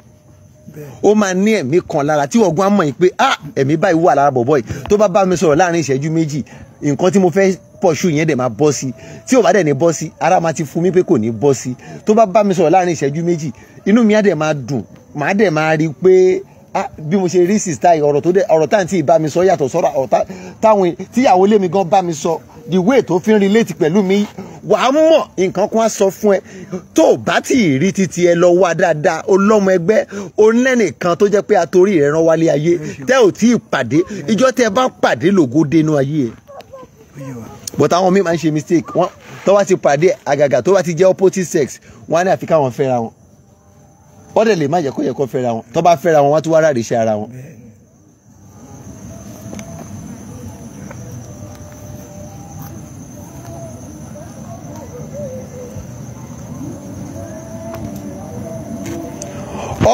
ó máa ní ẹ̀mí kan lára tí ọgbọ́n á mọ̀ yín pé ah ẹ̀mí báyìí wà lára bọ̀bọ̀ yìí tó bá bá mi sọ̀rọ̀ láàrin ìṣẹ́jú méjì nǹkan tí mo fẹ́ pọ̀ṣù yẹn dẹ̀ máa bọ́ sí tí ò bá dẹ̀ ní bọ́ sí ara máa ti fún mi pé kò ní bọ́ sí tó bá bá mi sọ̀rọ̀ láàrin ìṣẹ́jú méjì inú mi á dẹ̀ máa dùn màá dẹ̀ máa rí i pé Ah, bí mo ṣe rí sista yìí ọ̀rọ̀ tó dé ọ̀rọ̀ táwọn tí ì bá mi sọ yàtọ̀ sọ́rọ̀ ọ̀rọ̀ táwọn tíyàwó lèmi gan bá mi sọ the way tó fi ń relate pẹ̀lú mi wà á mọ̀ nǹkan kan á sọ fún ẹ tó o bá tì í rí títí ẹ lọ wá dáadáa ọlọ́mọ ẹgbẹ́ onẹ́nìkan tó jẹ́ pé atorí rẹ̀ rán wálé ayé tẹ́ ò tí ì pàdé ìjọ tẹ́ ẹ bá pàdé lògo dénú ayé ẹ but àwọn míì máa ń ṣe mistake tó bá ti pàdé àgàgà tó bá ti jẹ́ opposite sex wọ́n á ní àfi káwọn fẹ́ra wọn wọ́n dẹ̀ lè má yẹ kó yẹ kó fẹ́ra wọn tó bá fẹ́ra wọn wọ́n ti wá ráre iṣẹ́ ara wọn.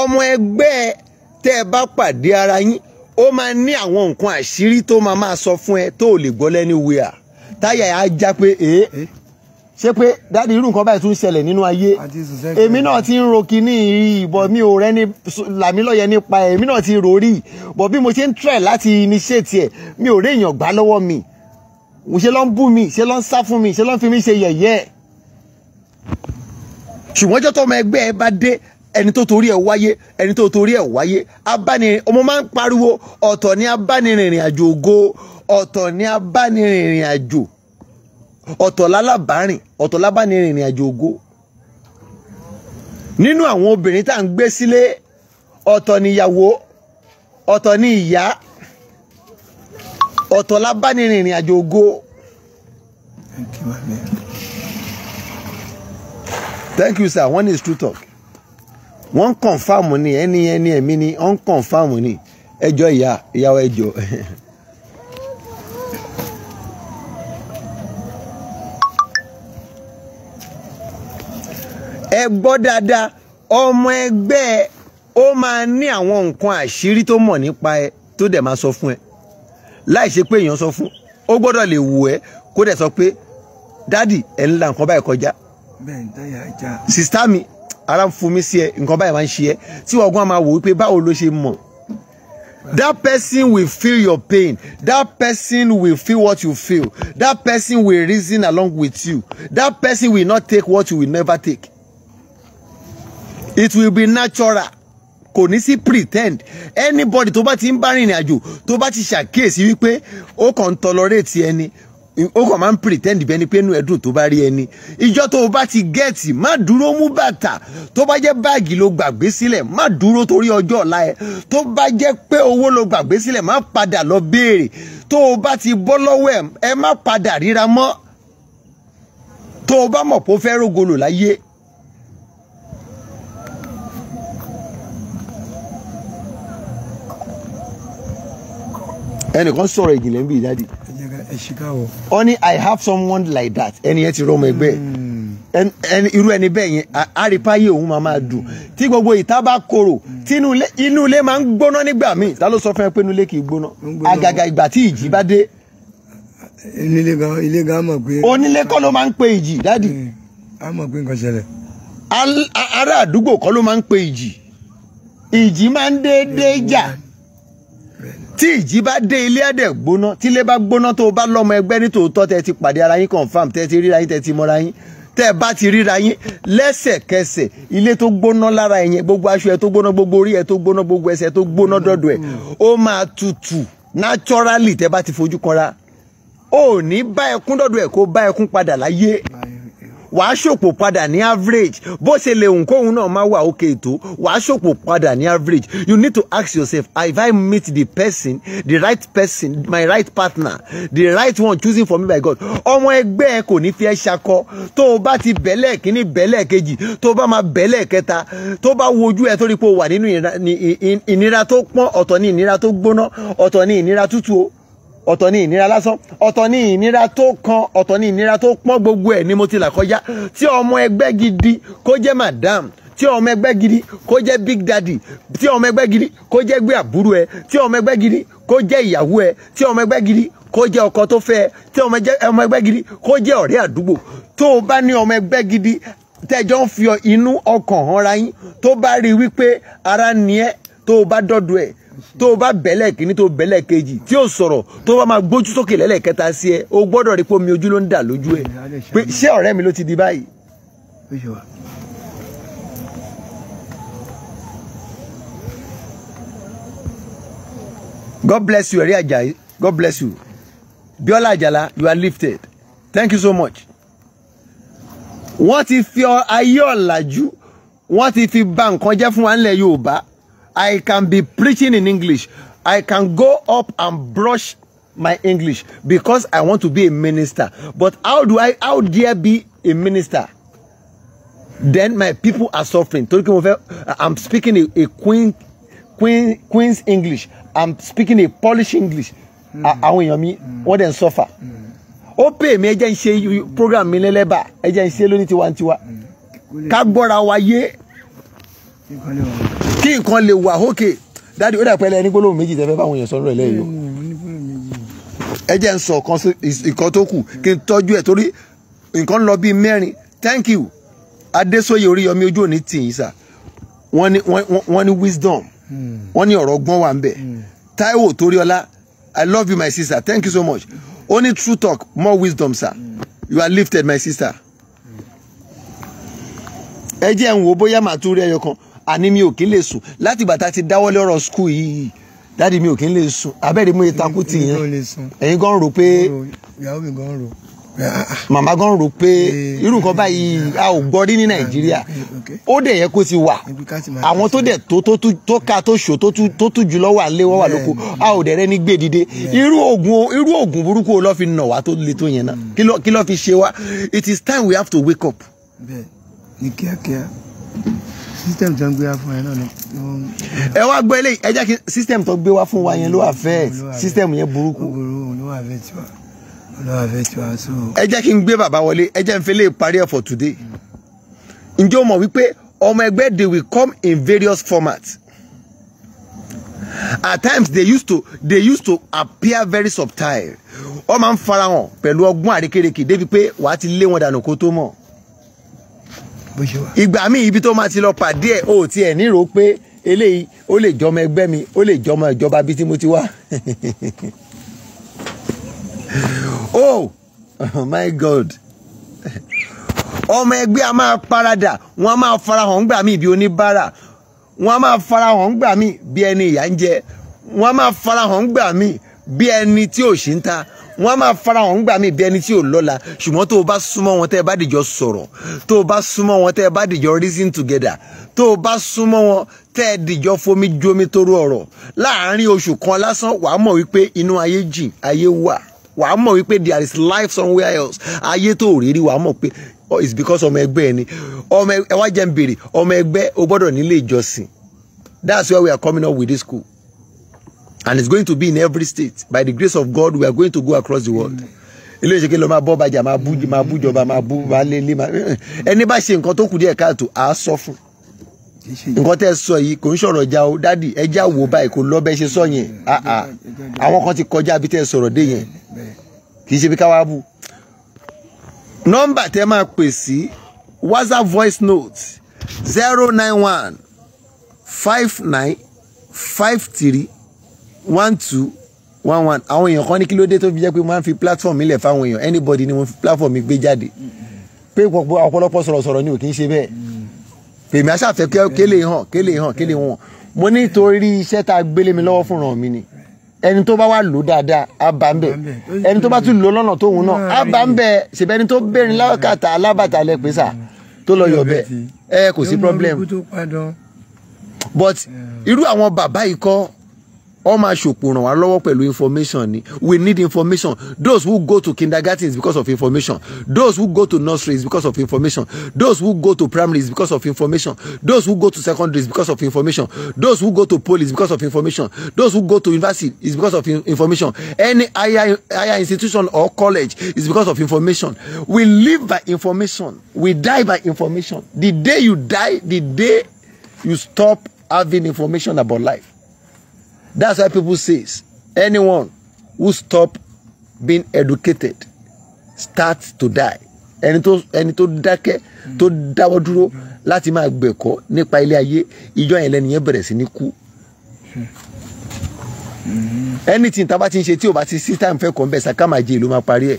ọmọ ẹgbẹ́ tẹ́ ẹ bá pàdé ara yín ó máa ní àwọn nǹkan àṣírí tó máa máa sọ fún ẹ tó lè gbọ́ lẹ́nu wíà táyà á já pé èé ṣé pé dáàdi irú nǹkan báyìí tún ṣẹlẹ̀ nínú ayé èmi náà ti ń ro kinní ìbọn mi ò rẹ́ni làmílọ́yẹ nípa èmi náà ti rò rí bọ̀ bí mo ṣe ń try láti initiate ẹ̀ mi ò rí èèyàn gbà lọ́wọ́ mi mo ṣe ló ń bú mi ṣe ló ń sá fún mi ṣe ló ń fi mi ṣe yẹ̀yẹ́ ṣùgbọ́n jọ́tọ̀ ọmọ ẹgbẹ́ ẹ bá dé ẹni tó torí ẹ̀ wáyé ẹni tó torí ẹ̀ wáyé abánirin ọmọ máa ń pariwo ọ̀tọ̀ ni abánirin ìrìn ògo ọ̀tọ̀ ni abánirin ìrìn ọ̀tọ̀ lálábàárìn ọ̀tọ̀ lábánirìn ìrìn àjò ògo nínú àwọn obìnrin tá à ń gbé sílé ọ̀tọ̀ níyàwó ọ̀tọ̀ ní ìyá ọ̀tọ̀ lábánirìn ìrìn àjò ògo. thank you sir one is true talk wọ́n confam ni ẹni ẹni ẹ̀mí ni wọ́n confam ni ẹjọ́ ìyá ìyàwó ẹjọ́. ẹ dáadáa ọmọ ẹgbẹ́ ẹ ó máa ní àwọn nǹkan àṣírí tó mọ̀ nípa ẹ tó dẹ̀ máa sọ fún ẹ láì ṣe pé èèyàn sọ fún ó gbọ́dọ̀ lè wù ẹ kó dẹ̀ sọ pé dádì ẹ̀ ń la nǹkan báyìí kọjá sista mi ara ń fún mi sí ẹ nǹkan báyìí máa ń ṣe ẹ tí wọ́n máa wò wípé báwo ló ṣe mọ̀ that person will feel your pain that person will feel what you feel that person will reason along with you that person will not take what you will never take it will be natural kò ní sí pretend anybody tó bá ti ń bá rìnrìn àjò tó bá ti ṣàkíyèsí wípé ó kàn ń tolerate ẹni ó kàn máa ń pretend bí ẹni pé inú ẹ dùn tó bá rí ẹni ìjọ́ tó o bá ti gẹ̀ẹ́tì má dúró mú bàtà tó bá jẹ́ báàgì ló gbàgbé sílẹ̀ má dúró torí ọjọ́ ọ̀la ẹ tó bá jẹ́ pé owó ló gbàgbé sílẹ̀ má padà lọ béèrè tó o bá ti bọ́ lọ́wọ́ ẹ ẹ má padà ríra mọ́ tó o bá mọ̀ pé ó fẹ́ rògolo láyé ẹnìkan sọ̀rọ̀ ìjìnlẹ̀ ń bí ìjáde. ó ní i have someone like that ẹni yẹn ti rọ ọmọ ẹgbẹ́ hmm. ẹni irú ẹni bẹ́ẹ̀ yẹn àrípáyé òun máa máa dùn hmm. tí gbogbo ìta bá korò tí inú ilé máa ń gbóná nígbà míì ta ló sọ fún ẹ pé inú ilé kì í gbóná àgàgà ìgbà tí ìjì bá dé. onílé gan mọ̀ pé. onílé kọ́ ló máa ń pe ìjì dáàdì. Hmm. a mọ̀ pé nǹkan ṣẹlẹ̀. ará àdúgbò kọ́ ló máa ń pe ìjì ìjì máa ń déédéé jà tí ìjì bá dé ilé ẹ̀dẹ̀ gbóná tí ilé bá gbóná tó bá lọ́mọ ẹgbẹ́ nítòótọ́ tẹ ti pàdé ara yín confam tẹ ti ríra yín tẹ ti mọra yín tẹ ẹ bá ti ríra yín lẹ́sẹ̀kẹsẹ̀ ilé tó gbóná lára ẹ̀yẹn gbogbo aṣọ ẹ tó gbóná gbogbo orí ẹ tó gbóná gbogbo ẹsẹ̀ tó gbóná dọ̀dọ̀ ẹ ó máa tutù naturally tẹ bá ti fojú kanra ò ní bá ẹkún dọ̀dọ̀ ẹ kó bá ẹkún padà láyé wàá ṣòpò padà ní average bó ṣe lè hùn kóhun náà máa wà òkè ètò wàá ṣòpò padà ní average you need to ask yourself if I meet the person the right person my right partner the right one choosing for me by God ọmọ ẹgbẹ́ ẹ kò ní fi ẹ́ ṣakọ tó o bá ti bẹ̀lẹ̀ kíní bẹ̀lẹ̀ kejì tó o bá máa bẹ̀lẹ̀ kẹta tó o bá wojú ẹ tó rí pé o wà nínú ìnira tó pọ́n ọ̀tọ̀ ní ìnira tó gbóná ọ̀tọ̀ ní ìnira tútù o ọ̀tọ̀ ni ìnira lásán ọ̀tọ̀ ni ìnira tó kan ọ̀tọ̀ ni ìnira tó pọ́n gbogbo ẹ̀ ni mo ti là kọjá tí ọmọ ẹgbẹ́ gidi kó jẹ́ madam tí ọmọ ẹgbẹ́ gidi kó jẹ́ big daddy tí ọmọ ẹgbẹ́ gidi kó jẹ́ gbé àbúrò ẹ tí ọmọ ẹgbẹ́ gidi kó jẹ́ ìyàwó ẹ tí ọmọ ẹgbẹ́ gidi kó jẹ́ ọkọ tó fẹ́ ẹ tí ọmọ ẹgbẹ́ gidi kó jẹ́ ọ̀rẹ́ àdúgbò tó o bá ní ọmọ ẹgbẹ́ gidi tẹ́jọ́ ń fi inú ọkàn hàn ra yín tó bá rí wípé ara ni ẹ́ tó o bá dọ́dọ̀ ẹ̀ tó bá bẹ̀lẹ̀ kìíní tó bẹ̀lẹ̀ kejì tí o sọ̀rọ̀ tó bá máa gbójú sókè lẹ́lẹ́kẹta sí ẹ o gbọ́dọ̀ rí pé ojú ló ń dà lójú ẹ pé ṣé ọ̀rẹ́ mi ló ti di báyìí. God bless you, Eri Ajayi. God bless you. Biola Jala, you are lifted. Thank you so much. Wọ́n ti fi ayé ọ̀làjú, wọ́n ti fi bà nǹkan jẹ́ fún wa nílẹ̀ Yorùbá. I can be preaching in English. I can go up and brush my English because I want to be a minister. But how do I, how dare be a minister? Then my people are suffering. I'm speaking a, a Queen, Queen, Queen's English. I'm speaking a Polish English. Àwọn èèyàn mi, wọ́n dẹ̀ ń suffer. Ó pè mí ẹ jẹ́ ń ṣe program mi lẹ́lẹ́bà, ẹ jẹ́ ń ṣe lóní tiwantiwa. Ká gbọ́ra wa yé kí nǹkan lè wà ókè dáàdi ó dàpẹ́ lẹ́ni gbólóhùn méjì tẹ́fẹ́ báwọn èèyàn sọ̀rọ̀ ẹlẹ́yìn o hmm, ẹ jẹ́ ń sọ ìkan tó kù kí n tọ́jú ẹ̀ torí nǹkan lọ bíi mẹ́rin thank you adésóyè oríyọmí ojú òní tì í sà wọ́n ní wisdom hmm. wọ́n ní ọ̀rọ̀ ọgbọ́n wà ń bẹ̀ hmm. táíwò toríọlá i love you my sister thank you so much only true talk more wisdom sir you are lifted my sister ẹ jẹ́ ń wo bóyá màá tún rí ẹyọ kan àní mi ò kí ń lè sùn láti ìgbà tá a ti dáwọ́ lọ́rọ̀ skul yìí dáàdi mi ò kí ń lè sùn abẹ́rẹ́ mú etakú tì yẹn ẹ̀yin gan rò pé màmá gan rò pé eh, irú nǹkan báyìí a ò gbọ́ rí ní ah, nàìjíríà ó dẹ̀ yẹ kó ti wà àwọn tó dẹ̀ tó ká tó ṣò tó tú jùlọ wà lé wọ́n wà lóko a ò dẹ̀ rẹ́ ní gbé dìde irú oògùn irú oògùn burúkú ló fi nà wá tó le tó yẹn náà hmm. kí ló fi ṣe wá it is time we have to wake up. bẹ́ẹ̀ ni kíákíá system tó ń gbé wá fún ẹ náà ni. ẹ wá gbọ́ eléyìí ẹ jẹ́ kí system tó gbé wá fún wa yẹn ló wà fẹ́ system yẹn burúkú. ló wà fẹ́ tiwa ló wà fẹ́ tiwa so. ẹ jẹ́ kí n gbé bàbá wọlé ẹ jẹ́ n fẹ́ lè parí ẹ̀ for today. Hmm. ǹjẹ́ o mọ̀ wípé ọmọ ẹgbẹ́ they will come in various formats. At times they used to they used to appear very subtle. Wọ́n máa ń farahàn pẹ̀lú ọgbọ́n àrékérekè débi pé wàá ti lé wọn dànù kó tó mọ̀ ìgbà míì ibi tó máa ti lọ pàdé ẹ̀ o ti ẹ̀ nírò pé eléyìí ó lè jọmọ ẹgbẹ́ mi ó lè jọmọ ìjọba bí tí mo ti wá. oh my god ọmọ ẹgbẹ́ a máa paradà wọ́n a máa farahàn gbà mí bí oníbàárà wọ́n a máa farahàn gbà mí bí ẹni ìyà ń jẹ wọ́n a máa farahàn gbà mí bí ẹni tí ò sí ń ta wọ́n á máa fara hàn gbà mí bí ẹni tí ò lọ́la ṣùgbọ́n tó o bá súnmọ́ wọn tẹ́ ẹ bá dìjọ sọ̀rọ̀ tó o bá súnmọ́ wọn tẹ́ ẹ bá dìjọ reason together tó o bá súnmọ́ wọn tẹ́ ẹ dìjọ fomi jomi toró ọ̀rọ̀ láàárín oṣù kan lásán wàá mọ̀ wípé inú ayé jìn ayé wà wàá mọ̀ wípé there is life somewhere else ayé tó rí rí wàá mọ̀ pé oh, it's because ọmọ ẹgbẹ́ ẹni ọmọ ẹ wá jẹ́ ń béèrè ọmọ ẹgbẹ́ o gbọ́dọ̀ nílé ìjọsìn that's where we are coming up with this school and it's going to be in every state by the grace of God we are going to go across the world ilé ìṣèké lọ máa bọ́ bàjá máa bú máa bú jọba máa bú máa lé lé máa eh, ẹni bá ṣe nǹkan tó kù díẹ̀ káàtó à á sọ fún nǹkan tẹ́ ẹ sọ yìí kò ń sọ̀rọ̀ ja o dádì ẹja wò báyìí kò lọ́ bẹ́ẹ̀ ṣe sọ yẹn àwọn kan ti kọjá bí tẹ́ ẹ dé yẹn kì í ṣe bí ká wá bú. nọ́mbà tẹ́ máa pè sí WhatsApp voice note zero nine one five nine five three one two one one àwọn èèyàn kan ní kí ló dé tó fi jẹ́ pé máa ń fi platform mi lẹ̀ fáwọn èèyàn anybody ni mo fi platform mi gbé jáde pé ọ̀pọ̀lọpọ̀ sọ̀rọ̀sọ̀rọ̀ ni ò kì í ṣe bẹ́ẹ̀ pèmí aṣáfẹ́ kéle hàn kéle hàn kéle wọn mo ní torí iṣẹ́ tá a gbélé mi lọ́wọ́ fúnra mi ni ẹni tó bá wà lò dáadáa á bá ń bẹ̀ ẹni tó bá tún lò lọ́nà tóun náà á bá ń bẹ̀ ṣèbẹ́ ẹni tó bẹ̀rẹ̀ lákàtà alábàtà lẹ pé sà tó lọ yọ̀ bẹ́ẹ̀ ẹ kò sí problem but irú àwọn bàbá yìí kọ́ ó máa ṣòpò ràn wá lọ́wọ́ pẹ̀lú information ni we need information those who go to kindergarten is because of information those who go to nursery is because of information those who go to primary is because of information those who go to secondary is because of information those who go to poly is because of information those who go to university is because of information any higher higher institution or college is because of information we live by information we die by information the day you die the day you stop having information about life That's why people says anyone who stop being educated starts to die. Ẹni tó ẹni tó dákẹ́ tó dáwọ́ dúró láti máa gbẹ̀kọ́ nípa ilé ayé ìjọ yẹn lẹ́nìyẹn bẹ̀rẹ̀ sí ní kú. Anything tá a bá ti ń ṣe tí o bá ti sí time fẹ́ kàn bẹ́ẹ̀ sàkámàjẹ ìlú máa parí ẹ̀.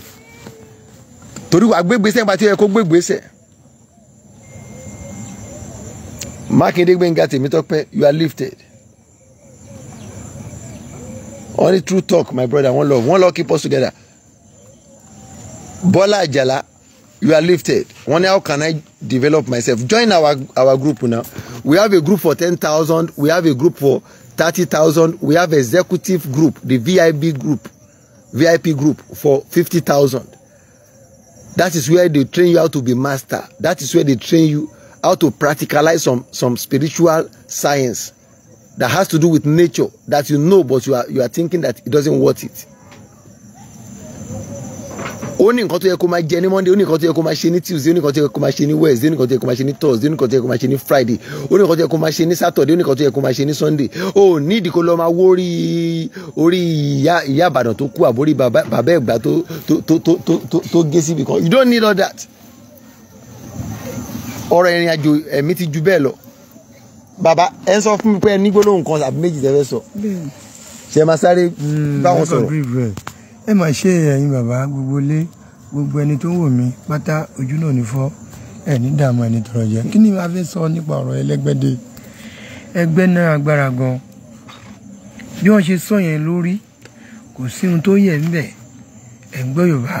Torí wàá gbégbèsè nípa tí ó yẹ kó gbégbèsè. Mákindé Gbénga Tèmítọ́pẹ́ you are lifted only true talk my brother one love one love keep us together Bola Ajala you are lifted one how can I develop myself join our our group now we have a group for ten thousand we have a group for thirty thousand we have executive group the VIP group VIP group for fifty thousand that is where they train you how to be master that is where they train you how to practicalize some some spiritual science that has to do with nature that you know but you are you are thinking that it doesn't worth it. ó ní to tó yẹ kó máa jẹ ní monday ó ní to tó yẹ kó máa ṣe ní tuesday ó ní to tó yẹ kó máa ṣe ní wednesday ó ní to tó yẹ kó máa ṣe ní thursday ó ní to tó yẹ kó máa ṣe ní friday ó ní to tó yẹ kó máa ṣe ní saturday ó ní to tó yẹ kó máa ṣe ní sunday ó ní ìdíkó lọ́ọ́ máa wó orí orí ìyá ìyá àbàdàn tó kú àbórí bàbá ẹ̀gbá tó tó tó tó tó gé síbi kan you don't need all that ọ̀rọ̀ ìrìn àjò ẹ̀mí ti ju bẹ́ẹ̀ lọ baba ẹ ń sọ fún mi pé ẹ ní gbólóhùn kan àbí méjì tẹ́ fẹ́ sọ ṣe máa sáré hmm, báwọn sọ̀rọ̀. ẹ máa ṣe ẹ̀yin bàbá gbogbo ilé gbogbo ẹni tó ń wò mí pátá ojú náà ní fọ́ ẹ ní dààmú ẹni tọrọ jẹ kí ni a fẹ́ sọ nípa ọ̀rọ̀ ẹlẹ́gbẹ́dẹ́ ẹgbẹ́ náà agbára gan bí wọ́n ṣe sọ yẹn lórí kò sí ohun tó yẹ níbẹ̀ ẹ gbọ́ Yorùbá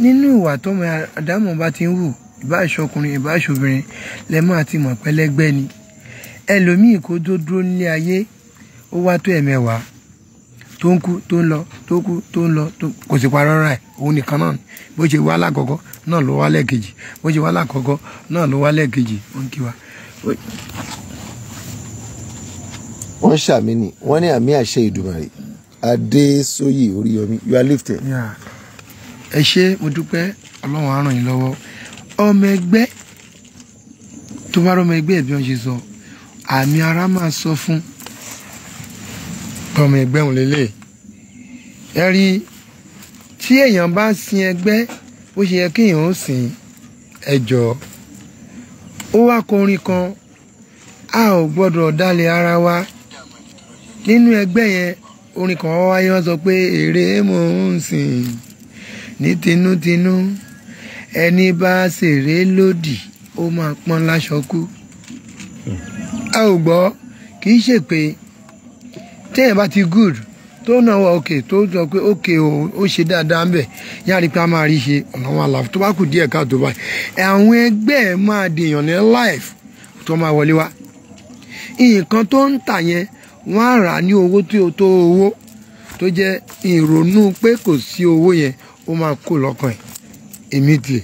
nínú ìwà tọmọ àdámọ̀ ti ń wù ìbáṣọkùnrin ìbáṣọbìnrin lẹ máa ti ni ẹlòmíì kó tó dúró nílé ayé ó wá tó ẹ̀mẹ́wàá tó ń kú tó ń lọ tó kú tó ń lọ kò sì parọ́ ra ẹ̀ òun nìkan náà bó ṣe wá lákọ̀ọ́kọ́ náà ló wá lẹ́ẹ̀kejì bó ṣe wá lákọ̀ọ́kọ́ náà ló wá lẹ́ẹ̀kejì ó ń kí wa. wọ́n ṣàmì ni wọ́n ní àmì àṣẹ ìdùmarè adésóyè oríyọmí you are lifted. ẹ ṣé mo dúpẹ́ ọlọ́run á ràn yín lọ́wọ́ ọmọ ẹgbẹ́ tó bá rọ́mọ ẹgbẹ́ ẹ̀ bí wọ́n ṣe sọ àmì ara máa sọ fún ọmọ ẹgbẹ́ òun lélẹ̀ ẹ rí tí èèyàn bá sin ẹgbẹ́ bó ṣe yẹ kéèyàn ó sìn ẹjọ́ ó wá kọrin kan a ò gbọ́dọ̀ dálẹ̀ ara wa nínú ẹgbẹ́ yẹn orin kan wáyé wọ́n sọ pé èrè mò ń sìn ní tinútinú ẹni bá ṣèrè lòdì ó máa pọ́n láṣọ kú a ò gbọ́ kì í ṣe pé téèyàn bá ti good tó náà wà òkè tó sọ pé òkè o ó ṣe dáadáa ń bẹ̀ yára rí pé a máa rí ṣe ọ̀nà wọn àlàfo tó bá kù díẹ̀ káàtó báyìí àwọn ẹgbẹ́ máa dèèyàn ní life tó máa wọlé wá nǹkan tó ń tà yẹn wọ́n á rà á ní owó tí o tó owó tó jẹ́ ìrònú pé kò sí owó yẹn ó máa kó lọ́kàn ẹ̀ immediately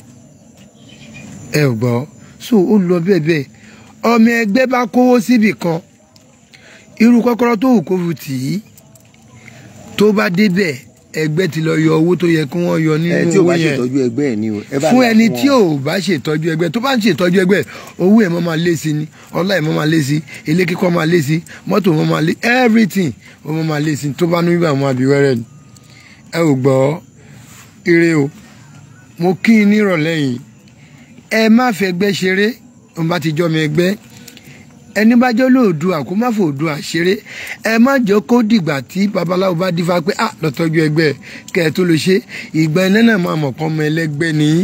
ẹ ò gbọ́ so ó lọ bẹ́ẹ̀ bẹ́ẹ̀ ọmọ ẹgbẹ́ bá kówó síbì kan irú kọ́kọ́rọ́ tó wù kó wù tì í tó bá débẹ̀ ẹgbẹ́ ti lọ yọ owó tó yẹ kí wọ́n yọ nínú owó yẹn fún ẹni tí ò bá ṣètọ́jú ẹgbẹ́ tó bá ń ṣètọ́jú ẹgbẹ́ owó ẹ̀ mọ́ máa lé sí ni ọlá ẹ̀ mọ́ máa lé sí ilé kíkọ́ máa lé sí mọ́tò mọ́ máa lé everything ó mọ́ máa lé sí tó bá nú ibà mọ́ àbí wẹ́rẹ́ ni ẹ ò gbọ́ ire o mo kí i nírọ̀lẹ́ yìí ẹ má fẹgbẹ́ ṣeré wọn bá ti jọ mi ẹgbẹ́ ẹni bá jẹ́ Olóòdùà kó má fò Oòdùà ṣeré ẹ má jọ kó dìgbà tí babaláwo bá dífá pé à ah, lọ́tọ́jú ẹgbẹ́ kẹ́ ẹ tó lè ṣe ìgbà iná náà máa mọ̀ kán ọmọ ẹlẹ́gbẹ́ nìyí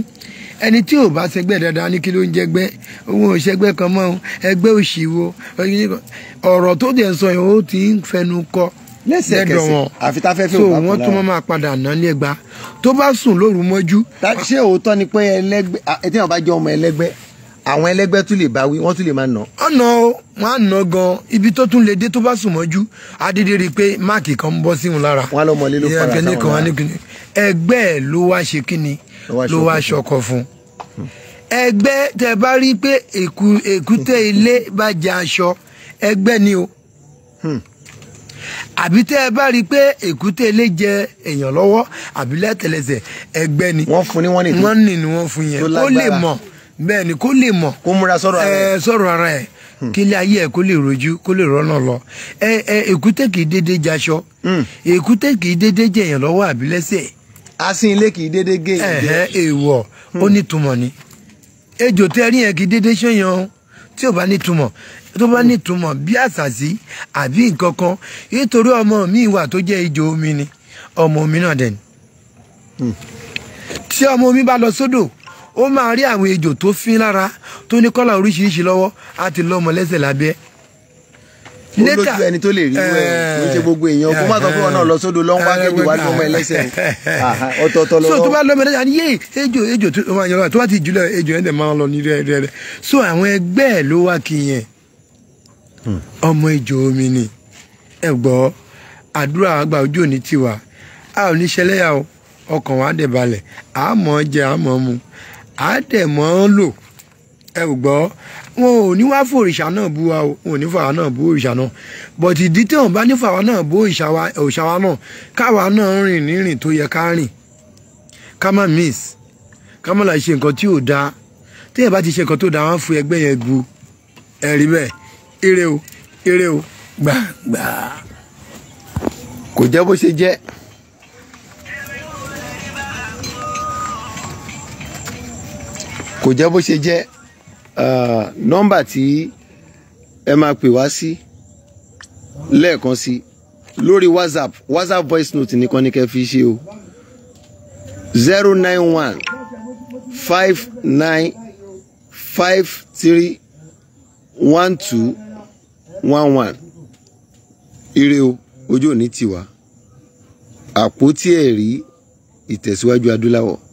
ẹni tí ò bá ṣẹgbẹ́ dáadáa ní kí ló ń jẹgbẹ́ òun ò ṣẹgbẹ́ kan mọ́ ẹgbẹ́ òṣìwò ọ̀rọ̀ tó dẹ̀ sọ yẹn ó ti ń fẹnu kọ lẹ́sẹ̀kẹsẹ̀ wọn so wọn tún máa padà ná ní ẹgbàá tó bá sùn lóru mọ́jú. ṣé òótọ́ ni pé ẹlẹ́gbẹ́ ẹtí wọn bá jẹ́ ọmọ ẹlẹ́gbẹ́ àwọn ẹlẹgbẹ́ tún lè bá wí wọ́n tún lè máa nà. ọ̀nà wọn á nà gan ibi tó tún lè dé tó bá sùn mọ́jú adédè rí i pé máàkì kan ń bọ́ sí òun lára. wọn á lọ mọlé ló fara sáwọn náà ẹgbẹ́ ẹ̀ ló wá ṣe kíni ló wá ṣọkọ fún hmm. ẹgbẹ́ tẹ bá rí i pé èkúté ilé bá jẹ aṣọ ẹgbẹ́ ni o hmm. àbí tẹ́ ẹ bá rí i pé èkúté ilé jẹ èèyàn lọ́wọ́ àbí lẹ́tẹ̀lẹsẹ̀ ẹgbẹ́ ni wọ́n fún ni wọ́n nì ó lè mọ̀ bẹ́ẹ̀ ni kó lè mọ̀ kó múra sọ̀rọ̀ ara ẹ̀ sọ̀rọ̀ ara ẹ̀ hmm. kí ilé ayé ẹ̀ kó lè rojú kó lè rọ́nà lọ ẹ ẹ èkúté kì í dédé jaṣọ hmm. èkúté kì í dédé jẹyàn lọ́wọ́ àbílẹ́sẹ̀. asin ilé kì í dédé gé ìjẹ. ẹ èèwọ̀ ó hmm. nítumọ̀ ni ejò tẹ rí yẹn kì í dédé ṣọyàn tí ò bá nítumọ̀ tó bá nítumọ̀ bí àṣàṣì àbí nǹkan kan nítorí ọmọ mi wà tó jẹ́ ejò omi ni ọmọ omi náà dẹ̀ ni. tí ọmọ omi bá lọ sódò ó máa rí àwọn ejò tó fín lára tó ní kọ́là oríṣiríṣi lọ́wọ́ á ti lọ́mọ lẹ́sẹ̀ lábẹ́ olójú ẹni tó lè rí wẹ̀ kò ṣe gbogbo èèyàn kó má sọ fún ọ náà lọ sódò lọ́nwá wá lọ́mọ ẹlẹ́sẹ̀ ọ̀tọ̀ọ̀tọ̀ lọ́wọ́. so tó bá lọ́mọ ẹlẹ́sẹ̀ àni ejò ejò tó máa yọrọ tó bá ti jùlọ ejò ẹ̀ máa lọ ní rẹ̀ hmm. rẹ̀ ọkàn wa dẹ̀ balẹ̀ àmọ́ jẹ àmọ́ mu á dẹ̀ mọ́ ń lò ẹ ò gbọ́ wọn ò ní wá fòrìṣà náà bú wa o wọn ò ní fàwa náà bú òrìṣà náà bọ̀tì ìdí tí wọn bá ní fàwa náà bú òrìṣà wa náà káwa náà rìn nírìn tó yẹ ká rìn ká má miss ká má la ṣe nǹkan tí ò dáa téèyàn bá ti ṣe nǹkan tó dáa wọn fún ẹgbẹ́ yẹn gu ẹ̀rí bẹ́ẹ̀ eré o eré o gbàgbà kò jẹ́ bó ṣe jẹ́. kò jẹ́ bó ṣe jẹ́ eh, nọ́mbà tí ẹ máa pè wá sí lẹ́ẹ̀kan sí lórí whatsapp whatsapp voice note nìkan ni kẹ́ fi ṣe o zero nine one five nine five three one two one one ire o ojú òní tiwa àpótí ẹ̀rí ìtẹ̀síwájú adúláwọ̀.